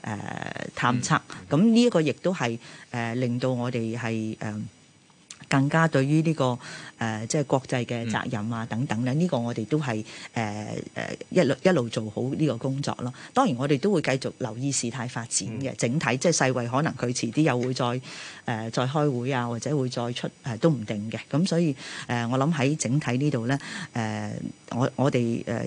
探測，咁呢一個亦都係誒令到我哋係誒。呃更加對於呢個誒、呃，即係國際嘅責任啊等等咧，呢個我哋都係、呃、一路一路做好呢個工作咯。當然我哋都會繼續留意事態發展嘅整體，即係世衛可能佢遲啲又會再誒、呃、再開會啊，或者會再出、呃、都唔定嘅。咁所以、呃、我諗喺整體呢度咧，我我哋、呃、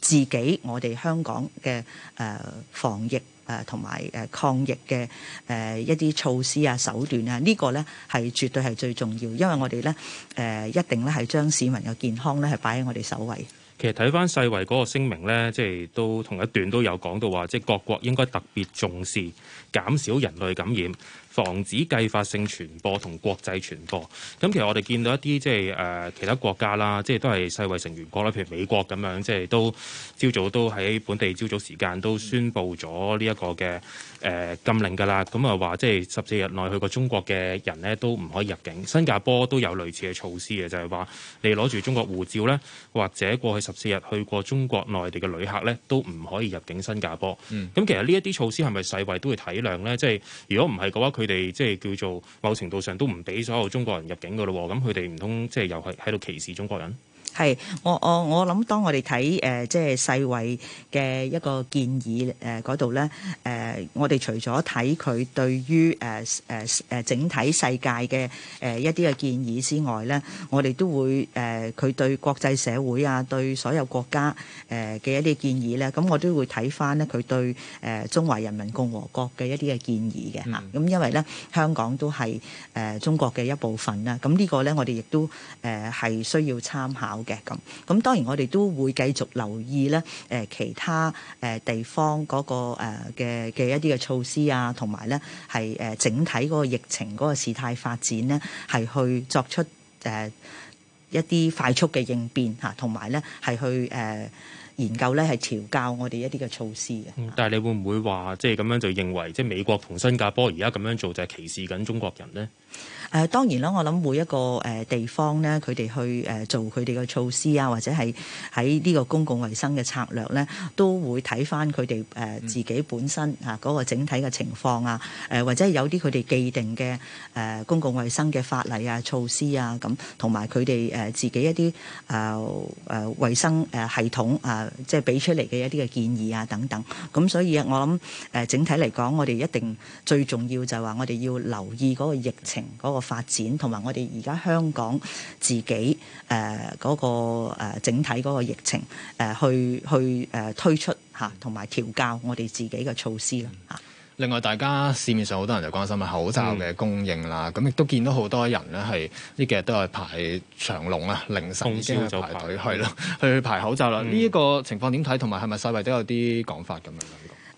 自己我哋香港嘅、呃、防疫。誒同埋誒抗疫嘅誒一啲措施啊手段啊，呢、這個咧係絕對係最重要，因為我哋咧誒一定咧係將市民嘅健康咧係擺喺我哋首位。其實睇翻世衛嗰個聲明咧，即係都同一段都有講到話，即係各國應該特別重視減少人類感染。防止繼發性傳播同國際傳播。咁其實我哋見到一啲即係誒其他國家啦，即係都係世衛成員國啦，譬如美國咁樣，即係都朝早都喺本地朝早時間都宣布咗呢一個嘅。誒、呃、禁令㗎啦，咁啊話即係十四日內去過中國嘅人呢都唔可以入境。新加坡都有類似嘅措施嘅，就係、是、話你攞住中國護照呢，或者過去十四日去過中國內地嘅旅客呢都唔可以入境新加坡。咁、嗯、其實呢一啲措施係咪世衛都會體諒呢？即、就、係、是、如果唔係嘅話，佢哋即係叫做某程度上都唔俾所有中國人入境㗎咯。咁佢哋唔通即係又喺度歧視中國人？係我我我諗，當我哋睇誒即係世衛嘅一個建議誒度咧，誒、呃呃、我哋除咗睇佢對於誒誒誒整體世界嘅誒、呃、一啲嘅建議之外咧，我哋都會誒佢、呃、對國際社會啊，對所有國家誒嘅、呃、一啲建議咧，咁我都會睇翻咧佢對誒、呃、中華人民共和國嘅一啲嘅建議嘅吓。咁因為咧，香港都係誒、呃、中國嘅一部分啦。咁呢個咧，我哋亦都誒係、呃、需要參考。好嘅咁，咁當然我哋都會繼續留意咧，誒其他誒地方嗰個誒嘅嘅一啲嘅措施啊，同埋咧係誒整體嗰個疫情嗰個事態發展咧，係去作出誒一啲快速嘅應變嚇，同埋咧係去誒研究咧係調校我哋一啲嘅措施嘅。但係你會唔會話即係咁樣就認為，即係美國同新加坡而家咁樣做就係歧視緊中國人咧？誒當然啦，我諗每一個誒地方咧，佢哋去誒做佢哋嘅措施啊，或者係喺呢個公共衞生嘅策略咧，都會睇翻佢哋誒自己本身啊嗰個整體嘅情況啊，誒或者有啲佢哋既定嘅誒公共衞生嘅法例啊、措施啊咁，同埋佢哋誒自己一啲啊誒衞生誒系統啊，即係俾出嚟嘅一啲嘅建議啊等等。咁所以我諗誒整體嚟講，我哋一定最重要就係話我哋要留意嗰個疫情嗰.發展同埋我哋而家香港自己嗰、呃嗰個整體嗰個疫情、呃、去去推出同埋、啊、調教我哋自己嘅措施啦、啊、另外，大家市面上好多人就關心啊口罩嘅供應、嗯、啦，咁亦都見到好多人咧係呢幾日都係排長龍啊，凌晨已經去排隊係咯，去排口罩啦。呢、嗯、一個情況點睇？同埋係咪世衞都有啲講法咁樣？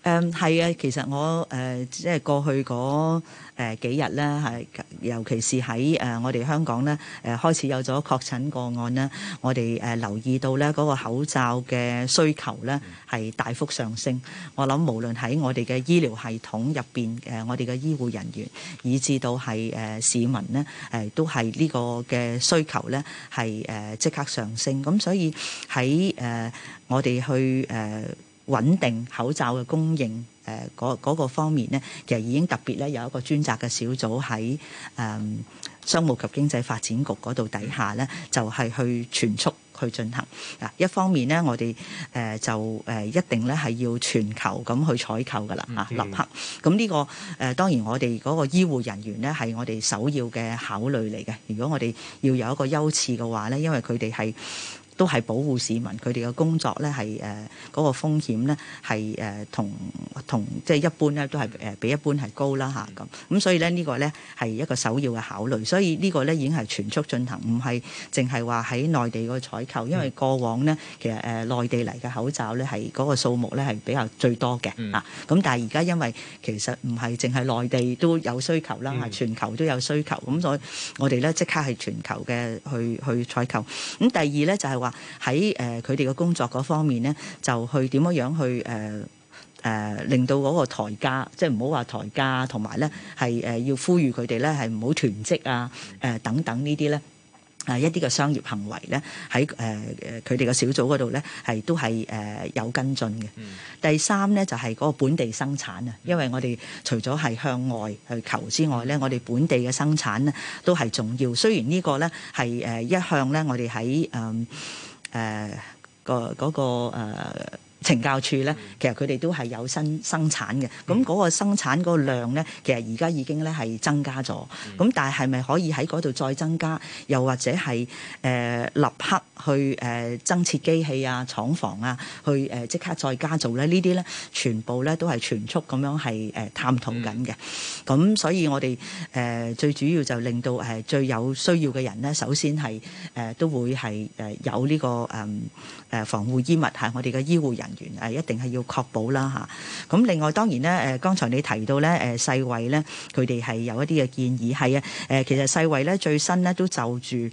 誒係啊，其實我誒即係過去嗰誒幾日咧，係尤其是喺誒我哋香港咧，誒、呃、開始有咗確診個案啦。我哋誒留意到咧嗰個口罩嘅需求咧係大幅上升。我諗無論喺我哋嘅醫療系統入邊，誒、呃、我哋嘅醫護人員，以至到係誒、呃、市民咧，誒、呃、都係呢個嘅需求咧係誒即刻上升。咁所以喺誒、呃、我哋去誒。呃穩定口罩嘅供應，誒、呃、嗰、那個方面咧，其實已經特別咧有一個專責嘅小組喺誒、嗯、商務及經濟發展局嗰度底下咧，就係、是、去全速去進行。嗱，一方面咧，我哋誒就誒一定咧係要全球咁去採購噶啦嚇，Mm-hmm. 立刻。咁呢、這個誒、呃、當然我哋嗰個醫護人員咧係我哋首要嘅考慮嚟嘅。如果我哋要有一個優次嘅話咧，因為佢哋係。都係保護市民，佢哋嘅工作咧係誒嗰個風險咧係誒同同即係一般咧都係誒比一般係高啦嚇咁，咁所以咧呢個咧係一個首要嘅考慮，所以呢個咧已經係全速進行，唔係淨係話喺內地個採購，因為過往咧其實誒內地嚟嘅口罩咧係嗰個數目咧係比較最多嘅嚇，咁但係而家因為其實唔係淨係內地都有需求啦嚇，全球都有需求，咁所以我哋咧即刻係全球嘅去去採購，咁第二咧就係話。喺誒佢哋嘅工作嗰方面咧，就去點樣樣去誒誒、呃，令到嗰個抬價，即係唔好話抬價，同埋咧係誒要呼籲佢哋咧係唔好囤積啊，誒、呃，等等呢啲咧。誒一啲嘅商業行為咧，喺誒誒佢哋嘅小組嗰度咧，係都係誒、呃、有跟進嘅。Mm. 第三咧就係嗰個本地生產啊，因為我哋除咗係向外去求之外咧，我哋本地嘅生產咧都係重要。雖然呢個咧係誒一向咧，我哋喺誒誒個嗰、嗰個、呃懲教署咧，其實佢哋都係有生生產嘅，咁嗰個生產嗰個量咧，其實而家已經咧係增加咗。咁但係係咪可以喺嗰度再增加，又或者係誒立刻去誒增設機器啊、廠房啊，去誒即刻再加做咧？呢啲咧全部咧都係全速咁樣係誒探討緊嘅。咁所以我哋誒最主要就令到誒最有需要嘅人咧，首先係誒都會係誒有呢個誒。誒防護衣物嚇，我哋嘅醫護人員誒一定係要確保啦嚇。咁另外當然咧，誒剛才你提到咧，誒世衞咧佢哋係有一啲嘅建議係啊。誒其實世衞咧最新咧都就住。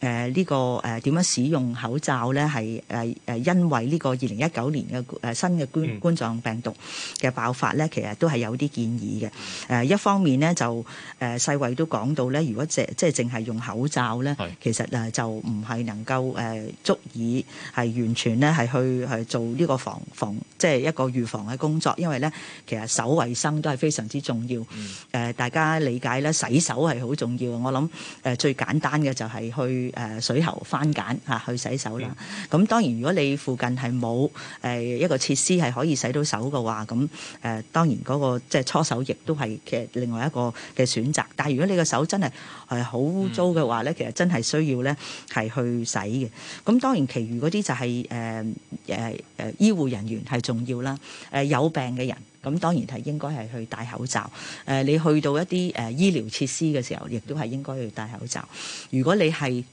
誒、呃、呢、這個誒點樣使用口罩咧？係誒、呃呃、因為呢個二零一九年嘅、呃、新嘅冠冠狀病毒嘅爆發咧，其實都係有啲建議嘅。誒、呃、一方面咧，就誒、呃、世衛都講到咧，如果淨即係淨係用口罩咧，其實誒就唔係能夠誒、呃、足以係完全咧係去，去做呢個防防即係一個預防嘅工作，因為咧其實手衛生都係非常之重要。誒、嗯呃、大家理解咧，洗手係好重要。我諗誒、呃、最簡單嘅就係去。誒、啊、水喉翻簡嚇去洗手啦，咁當然，如果你附近係冇誒一個設施係可以洗到手嘅話，咁誒、呃、當然嗰、那個即係搓手液都係其實另外一個嘅選擇。但係如果你個手真係係好污糟嘅話咧、嗯，其實真係需要咧係去洗嘅。咁當然，其餘嗰啲就係誒誒誒醫護人員係重要啦。誒、呃、有病嘅人，咁當然係應該係去戴口罩。誒、呃、你去到一啲誒、呃、醫療設施嘅時候，亦都係應該要戴口罩。如果你係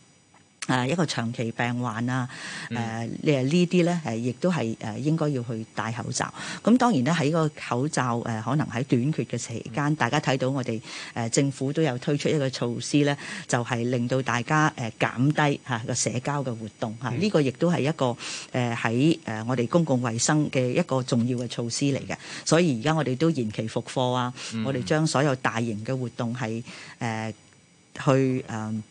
啊、呃，一個長期病患啦、啊，誒、呃，你、嗯、係呢啲咧，誒，亦都係誒應該要去戴口罩。咁當然咧，喺個口罩誒、呃，可能喺短缺嘅期間，嗯、大家睇到我哋誒、呃、政府都有推出一個措施咧，就係、是、令到大家誒、呃、減低嚇個、啊、社交嘅活動嚇。呢、啊嗯、個亦都係一個誒喺誒我哋公共衞生嘅一個重要嘅措施嚟嘅。所以而家我哋都延期復課啊，嗯、我哋將所有大型嘅活動係誒、呃、去誒。呃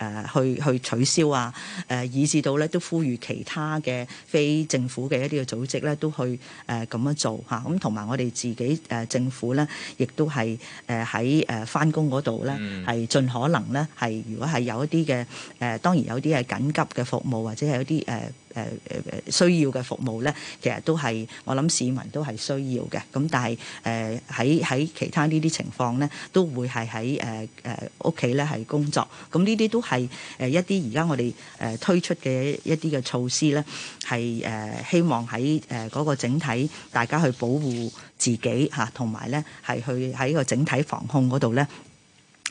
呃、去去取消啊！誒、呃、以至到咧都呼籲其他嘅非政府嘅一啲嘅組織咧都去、呃、咁樣做吓，咁同埋我哋自己、呃、政府咧，亦都係喺誒翻工嗰度咧，係、呃呃、盡可能咧係，如果係有一啲嘅、呃、當然有啲係緊急嘅服務，或者係有啲誒誒誒，需要嘅服務咧，其實都係我諗市民都係需要嘅。咁但係誒喺喺其他呢啲情況咧，都會係喺誒誒屋企咧係工作。咁呢啲都係誒一啲而家我哋誒推出嘅一啲嘅措施咧，係誒、呃、希望喺誒嗰個整體大家去保護自己吓，同埋咧係去喺個整體防控嗰度咧。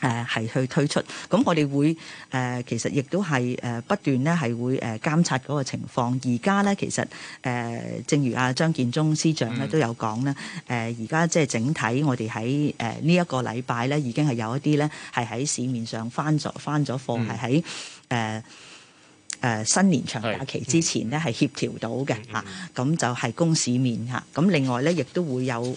誒、呃、係去推出，咁我哋會誒、呃、其實亦都係誒、呃、不斷咧係會誒監察嗰個情況。而家咧其實誒、呃，正如阿、啊、張建宗司長咧都有講啦，誒而家即係整體我哋喺誒呢一個禮拜咧已經係有一啲咧係喺市面上返咗返咗貨，係喺誒。呃誒新年長假期之前咧，係協調到嘅嚇，咁、嗯啊、就係、是、公市面嚇。咁、啊、另外咧，亦都會有誒誒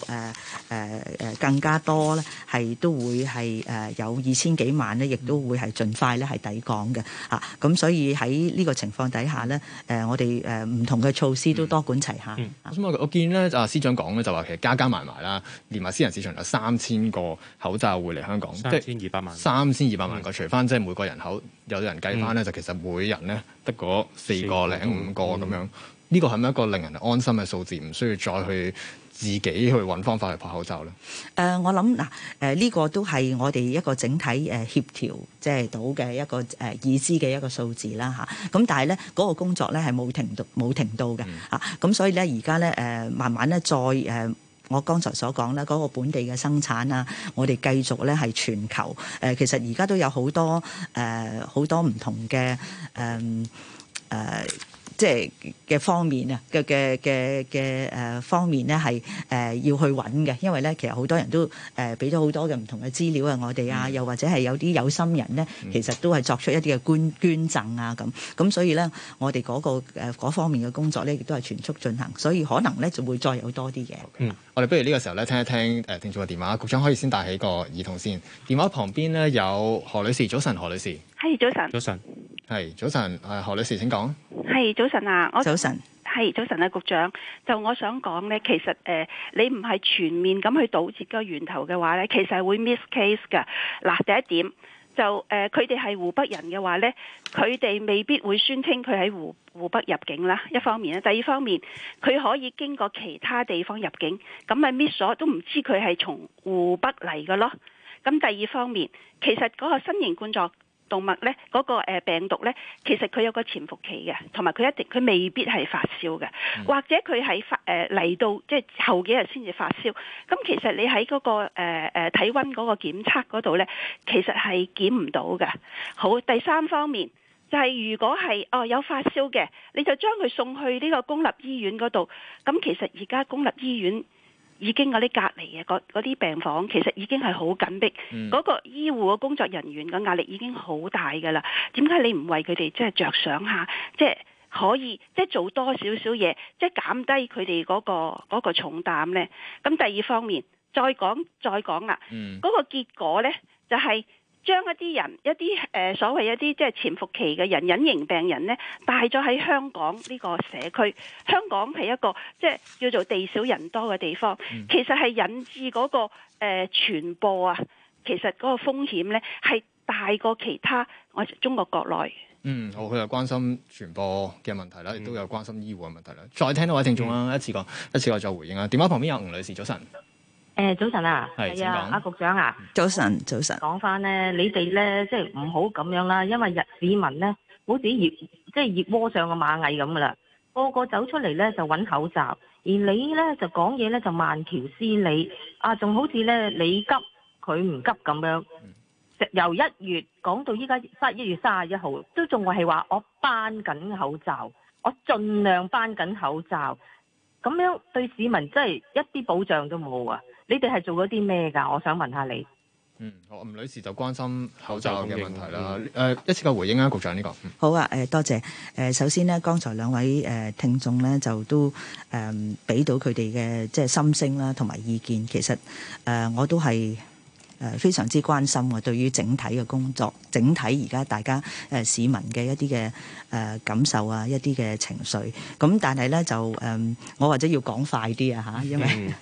誒更加多咧，係都會係誒、呃、有二千幾萬咧，亦都會係盡快咧係抵港嘅嚇。咁、啊、所以喺呢個情況底下咧，誒、啊、我哋誒唔同嘅措施都多管齊下、嗯嗯啊。我我我見咧，阿司長講咧，就話其實加加埋埋啦，連埋私人市場有三千個口罩會嚟香港，即三千二百萬，三千二百萬個，除翻即係每個人口有人計翻咧、嗯，就其實每人咧。得嗰四個零五個咁樣，呢個係咪一個令人安心嘅數字？唔需要再去自己去揾方法去拍口罩咧。誒、呃，我諗嗱，誒、呃、呢、這個都係我哋一個整體誒協調即係到嘅一個誒已、呃、知嘅一個數字啦嚇。咁、啊、但係咧，嗰個工作咧係冇停到冇停到嘅啊。咁所以咧，而家咧誒慢慢咧再誒。呃我剛才所講咧，嗰個本地嘅生產啊，我哋繼續咧係全球誒，其實而家都有好多誒好多唔同嘅誒。呃呃即係嘅方面啊，嘅嘅嘅嘅誒方面咧，係、呃、誒要去揾嘅，因為咧其實好多人都誒俾咗好多嘅唔同嘅資料啊，我哋啊、嗯，又或者係有啲有心人咧，其實都係作出一啲嘅捐捐贈啊，咁咁所以咧，我哋嗰、嗰個嗰、呃、方面嘅工作咧，亦都係全速進行，所以可能咧就會再有多啲嘅。嗯，啊、我哋不如呢個時候咧聽一聽誒聽眾嘅電話，局長可以先帶起個耳筒先。電話旁邊咧有何女士，早晨何女士。係、hey, 早晨，早晨係、hey, 早晨。誒，何女士，請講。係早晨啊，我早晨係、hey, 早晨啊，局長。就我想講咧，其實誒、呃，你唔係全面咁去堵截個源頭嘅話咧，其實係會 miss case 噶嗱。第一點就誒，佢哋係湖北人嘅話咧，佢哋未必會宣稱佢喺湖湖北入境啦。一方面咧，第二方面佢可以經過其他地方入境，咁咪 miss 咗都唔知佢係從湖北嚟嘅咯。咁第二方面，其實嗰個新型冠狀。動物咧嗰、嗰個、呃、病毒咧，其實佢有個潛伏期嘅，同埋佢一定佢未必係發燒嘅，或者佢係發誒嚟、呃、到即係後幾日先至發燒。咁其實你喺嗰、嗰個誒誒、呃、體温嗰個檢測嗰度咧，其實係檢唔到嘅。好，第三方面就係、係、如果係哦有發燒嘅，你就將佢送去呢個公立醫院嗰度。咁其實而家公立醫院。已經嗰啲隔離啊，嗰啲病房其實已經係好緊迫，嗰，嗯，嗰個醫護嘅工作人員嘅壓力已經好大㗎啦。點解你唔為佢哋即係着想下，即係可以即係做多少少嘢，即係減低佢哋嗰個嗰個重擔咧？咁第二方面，再講再講啦，嗰，嗯，嗰個結果咧就係。將一啲人、一啲誒、呃、所謂一啲即係潛伏期嘅人、隱形病人咧，帶咗喺香港呢個社區。香港係一個即係叫做地少人多嘅地方，嗯、其實係引致嗰、嗰個誒、呃、傳播啊，其實嗰個風險咧係大過其他我中國國內。嗯，好，佢又關心傳播嘅問題啦，亦都有關心醫護嘅問題啦、嗯。再聽到位聽眾啦、嗯，一次過，一次過再回應啊。電話旁邊有吳女士，早晨。誒，早晨啊，係啊，阿局長啊，早晨，早晨，講翻咧，你哋咧即係唔好咁樣啦，因為日市民咧，好似熱，即係熱鍋上嘅螞蟻咁噶啦，個個走出嚟咧就搵口罩，而你咧就講嘢咧就慢條斯理，啊，仲好似咧你急佢唔急咁樣，由一月講到依家，三一月三十一號都仲係話我班緊口罩，我盡量班緊口罩，咁樣對市民真係一啲保障都冇啊！你哋係做咗啲咩㗎？我想問下你。嗯，好，吳女士就關心口罩嘅問題啦。誒、嗯呃，一次嘅回應啊，局長呢個、嗯。好啊，誒、呃、多謝誒。首先呢，剛才兩位誒、呃、聽眾咧就都誒俾、呃、到佢哋嘅即係心聲啦，同埋意見。其實誒、呃、我都係誒非常之關心嘅，對於整體嘅工作，整體而家大家誒、呃、市民嘅一啲嘅誒感受啊，一啲嘅情緒。咁但係咧就誒、呃、我或者要講快啲啊吓，因為、嗯。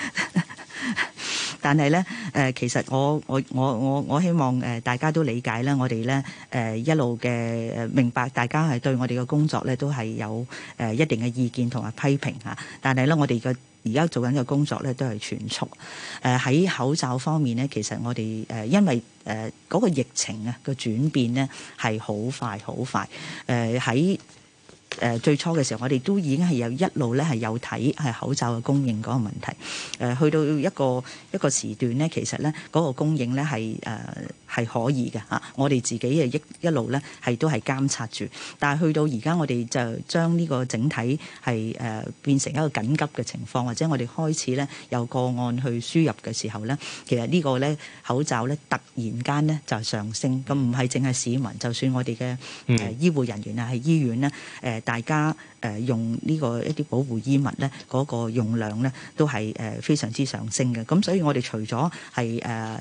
*laughs* 但係咧，誒、呃，其實我我我我我希望誒，大家都理解啦，我哋咧，誒、呃，一路嘅誒明白，大家係對我哋嘅工作咧都係有誒一定嘅意見同埋批評吓。但係咧，我哋嘅而家做緊嘅工作咧都係全速。誒、呃，喺口罩方面咧，其實我哋誒、呃，因為誒嗰、呃那個疫情啊嘅轉變咧係好快好快。誒喺誒、呃、最初嘅時候，我哋都已經係有一路咧係有睇係口罩嘅供應嗰個問題。誒、呃、去到一個一個時段咧，其實咧嗰、嗰個供應咧係誒。係呃係可以嘅嚇，我哋自己誒一一路咧係都係監察住，但係去到而家我哋就將呢個整體係誒、呃、變成一個緊急嘅情況，或者我哋開始咧有個案去輸入嘅時候咧，其實呢個咧口罩咧突然間咧就上升，咁唔係淨係市民，就算我哋嘅誒醫護人員啊，喺醫院咧誒大家誒用呢個一啲保護衣物咧嗰、那個用量咧都係誒、呃、非常之上升嘅，咁所以我哋除咗係誒。呃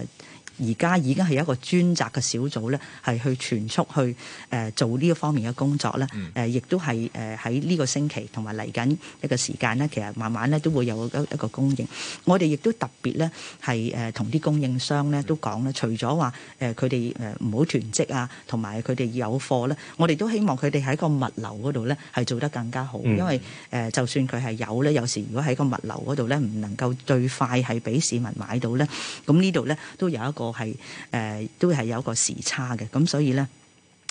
而家已經係一個專責嘅小組咧，係去傳速去誒、呃、做呢一方面嘅工作咧。誒、呃、亦都係誒喺呢個星期同埋嚟緊一個時間咧，其實慢慢咧都會有一個一個供應，我哋亦都特別咧係誒同啲供應商咧都講咧，除咗話誒佢哋誒唔好囤積啊，同埋佢哋有貨咧，我哋都希望佢哋喺個物流度咧係做得更加好，因為誒、呃、就算佢係有咧，有時如果喺個物流度咧唔能夠最快係俾市民買到咧，咁呢度咧都有一個。係誒、呃，都係有一個時差嘅，咁所以咧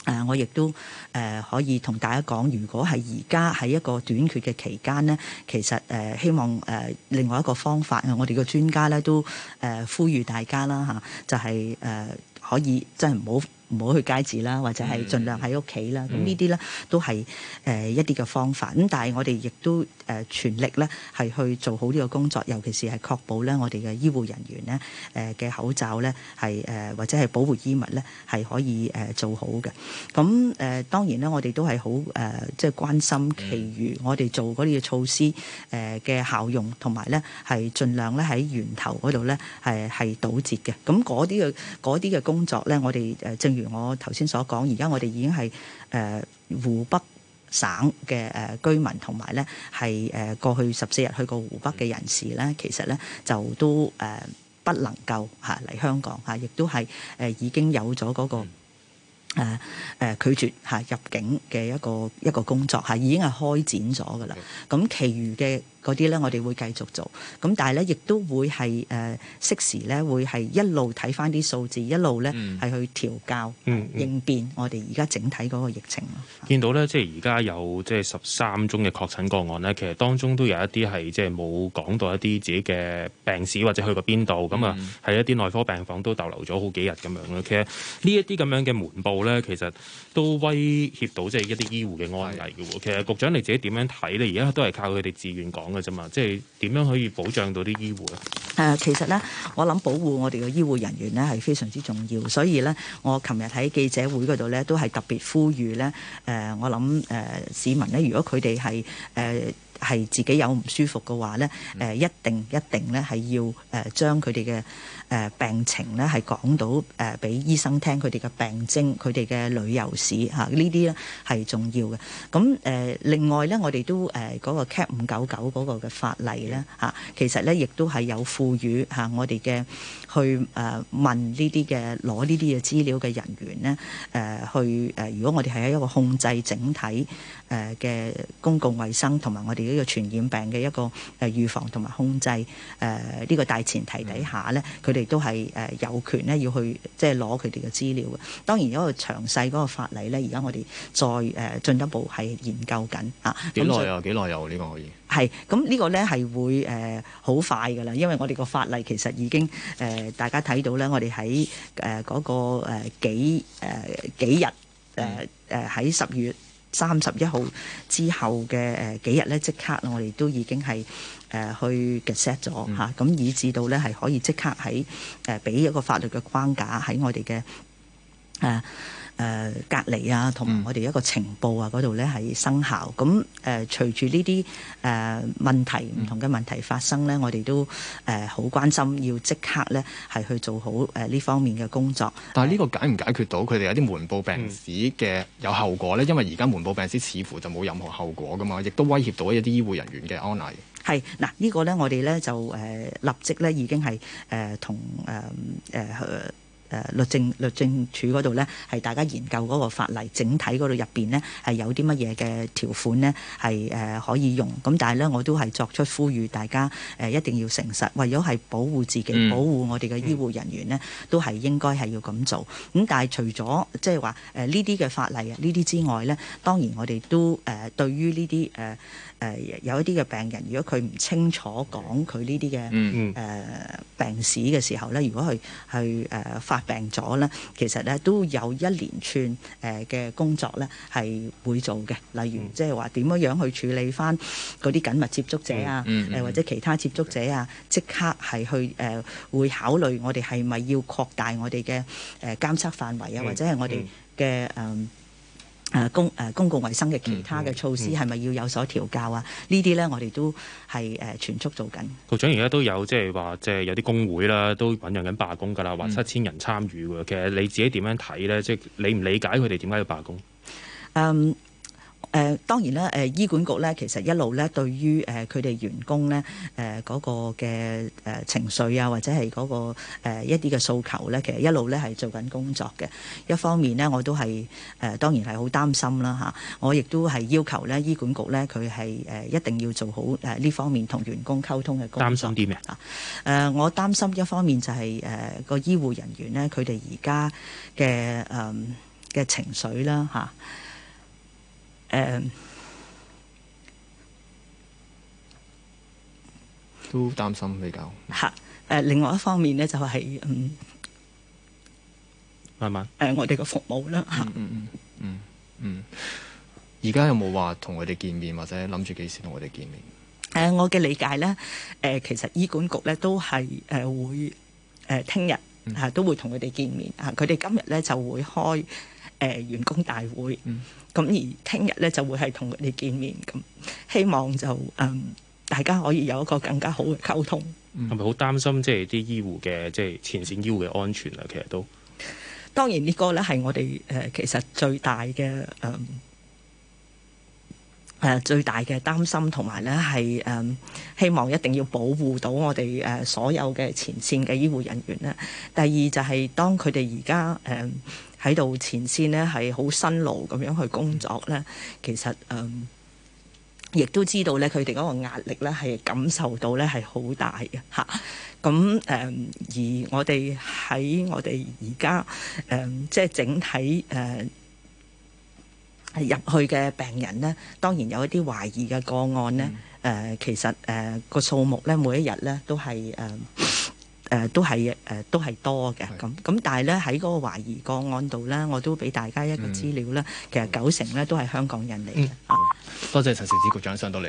誒、呃，我亦都誒、呃、可以同大家講，如果係而家喺一個短缺嘅期間咧，其實誒、呃、希望誒、呃、另外一個方法的、呃、啊，我哋嘅專家咧都誒呼籲大家啦吓，就係誒可以即係唔好。唔好去街市啦，或者係盡量喺屋企啦。咁呢啲咧都係誒一啲嘅方法。咁但係我哋亦都誒全力咧係去做好呢個工作，尤其是係確保咧我哋嘅醫護人員咧誒嘅口罩咧係誒或者係保護衣物咧係可以誒做好嘅。咁誒當然咧，我哋都係好誒即係關心其餘我哋做嗰啲嘅措施誒嘅效用，同埋咧係盡量咧喺源頭嗰度咧係係堵截嘅。咁嗰啲嘅嗰啲嘅工作咧，我哋誒正。如我頭先所講，而家我哋已經係誒湖北省嘅誒居民，同埋咧係誒過去十四日去過湖北嘅人士咧，其實咧就都誒不能夠嚇嚟香港嚇，亦都係誒已經有咗嗰個誒誒拒絕嚇入境嘅一個一個工作嚇，已經係開展咗㗎喇。咁，其餘嘅。嗰啲咧，我哋會繼續做。咁但係咧，亦都會係誒、呃、適時咧，會係一路睇翻啲數字，一路咧係、嗯、去調校，嗯嗯、應變我哋而家整體嗰個疫情。見到咧，即係而家有即係十三宗嘅確診個案呢，其實當中都有一啲係即係冇講到一啲自己嘅病史或者去過邊度。咁，嗯、啊，喺一啲內科病房都逗留咗好幾日咁樣咯。其實呢一啲咁樣嘅瞞報咧，其實都威脅到即係一啲醫護嘅安危嘅。其實局長你自己點樣睇咧？而家都係靠佢哋自願講。講即係點樣可以保障到啲醫護呢？誒，其實呢，我諗保護我哋嘅醫護人員呢係非常之重要的，所以呢，我琴日喺記者會嗰度呢，都係特別呼籲呢。誒、呃，我諗誒、呃、市民呢，如果佢哋係誒係自己有唔舒服嘅話呢，誒、呃，一定一定呢係要誒將佢哋嘅誒病情咧係講到誒俾醫生聽，佢哋嘅病徵、佢哋嘅旅遊史嚇，呢啲咧係重要嘅。咁誒另外咧，我哋都誒嗰個 Cap 五九九嗰個嘅法例咧嚇，其實咧亦都係有賦予嚇我哋嘅去誒問呢啲嘅攞呢啲嘅資料嘅人員呢。誒去誒，如果我哋係喺一個控制整體誒嘅公共衛生同埋我哋呢個傳染病嘅一個誒預防同埋控制誒呢個大前提底下咧，佢哋。我哋都係誒有權咧，要去即係攞佢哋嘅資料嘅。當然，一個詳細嗰個法例咧，而家我哋再誒進一步係研究緊啊。幾耐啊？幾耐有呢個可以？係咁，呢個咧係會誒好、呃、快嘅啦，因為我哋個法例其實已經誒、呃、大家睇到咧，我哋喺誒嗰個誒幾誒、呃、幾日誒誒喺十月三十一號之後嘅誒幾日咧，即刻我哋都已經係。誒去嘅 set 咗嚇，咁、嗯、以至到咧係可以即刻喺誒俾一個法律嘅框架喺我哋嘅誒誒隔離啊，同我哋一個情報啊嗰度咧係生效。咁、嗯、誒隨住呢啲誒問題唔同嘅問題發生咧、嗯，我哋都誒好關心，要即刻咧係去做好誒呢方面嘅工作。但係呢個解唔解決到佢哋有啲瞞報病史嘅有後果咧、嗯？因為而家瞞報病史似乎就冇任何後果噶嘛，亦都威脅到一啲醫護人員嘅安危。係嗱，這個、呢個咧，我哋咧就、呃、立即咧已經係同、呃呃呃、律政律政署嗰度咧係大家研究嗰個法例整體嗰度入面咧係有啲乜嘢嘅條款咧係、呃、可以用，咁但係咧我都係作出呼籲，大家、呃、一定要誠實，為咗係保護自己、嗯、保護我哋嘅醫護人員咧，都係應該係要咁做。咁但係除咗即係話呢啲嘅法例啊，呢啲之外咧，當然我哋都誒、呃、對於呢啲誒。呃誒、呃、有一啲嘅病人，如果佢唔清楚講佢呢啲嘅誒病史嘅時候咧，如果佢去誒、呃、發病咗咧，其實咧都有一連串誒嘅、呃、工作咧係會做嘅，例如即係話點樣樣去處理翻嗰啲緊密接觸者啊，誒、嗯嗯嗯、或者其他接觸者啊，即刻係去誒、呃、會考慮我哋係咪要擴大我哋嘅誒監測範圍啊，或者係我哋嘅誒。嗯嗯呃誒、呃、公誒、呃、公共衞生嘅其他嘅措施係咪要有所調教啊？嗯嗯嗯、這些呢啲咧，我哋都係誒、呃、全速做緊。局長而家都有即係話，即係有啲工會啦，都醞釀緊罷工㗎啦，話七千人參與喎、嗯。其實你自己點樣睇咧？即係理唔理解佢哋點解要罷工？嗯。誒當然啦，誒醫管局咧，其實一路咧對於誒佢哋員工咧，誒嗰個嘅誒情緒啊，或者係嗰個誒一啲嘅訴求咧，其實一路咧係做緊工作嘅。一方面呢，我都係誒當然係好擔心啦嚇，我亦都係要求咧醫管局咧佢係誒一定要做好誒呢方面同員工溝通嘅工作。擔心啲咩啊？誒我擔心一方面就係誒個醫護人員咧，佢哋而家嘅誒嘅情緒啦嚇。啊誒都擔心比較。嚇！誒另外一方面咧，就係嗯慢慢誒我哋嘅服務啦。嗯嗯嗯嗯嗯。而家有冇話同佢哋見面，或者諗住幾時同佢哋見面？誒，我嘅理解咧，誒其實醫管局咧都係誒會誒聽日嚇都會同佢哋見面嚇，佢哋今日咧就會開。誒、呃、員工大會咁，嗯，而聽日咧就會係同佢哋見面咁，希望就誒、呃、大家可以有一個更加好嘅溝通。係咪好擔心即係啲醫護嘅即係前線醫護嘅安全啊？其實都當然呢個咧係我哋誒、呃、其實最大嘅誒誒最大嘅擔心，同埋咧係誒希望一定要保護到我哋誒、呃、所有嘅前線嘅醫護人員咧。第二就係當佢哋而家誒。呃喺度前線呢係好辛勞咁樣去工作呢，其實誒亦、嗯、都知道咧，佢哋嗰個壓力咧係感受到咧係好大嘅嚇。咁、啊、誒而我哋喺我哋而家誒即係整體誒入、嗯、去嘅病人呢，當然有一啲懷疑嘅個案呢，誒、嗯呃、其實誒個、呃、數目呢每一日呢都係誒。呃誒、呃、都係誒、呃、都係多嘅咁咁，但係咧喺嗰個懷疑個案度咧，我都俾大家一個資料啦。嗯、其實九成咧都係香港人嚟嘅。嗯、啊。多謝陳肇始局長上到嚟。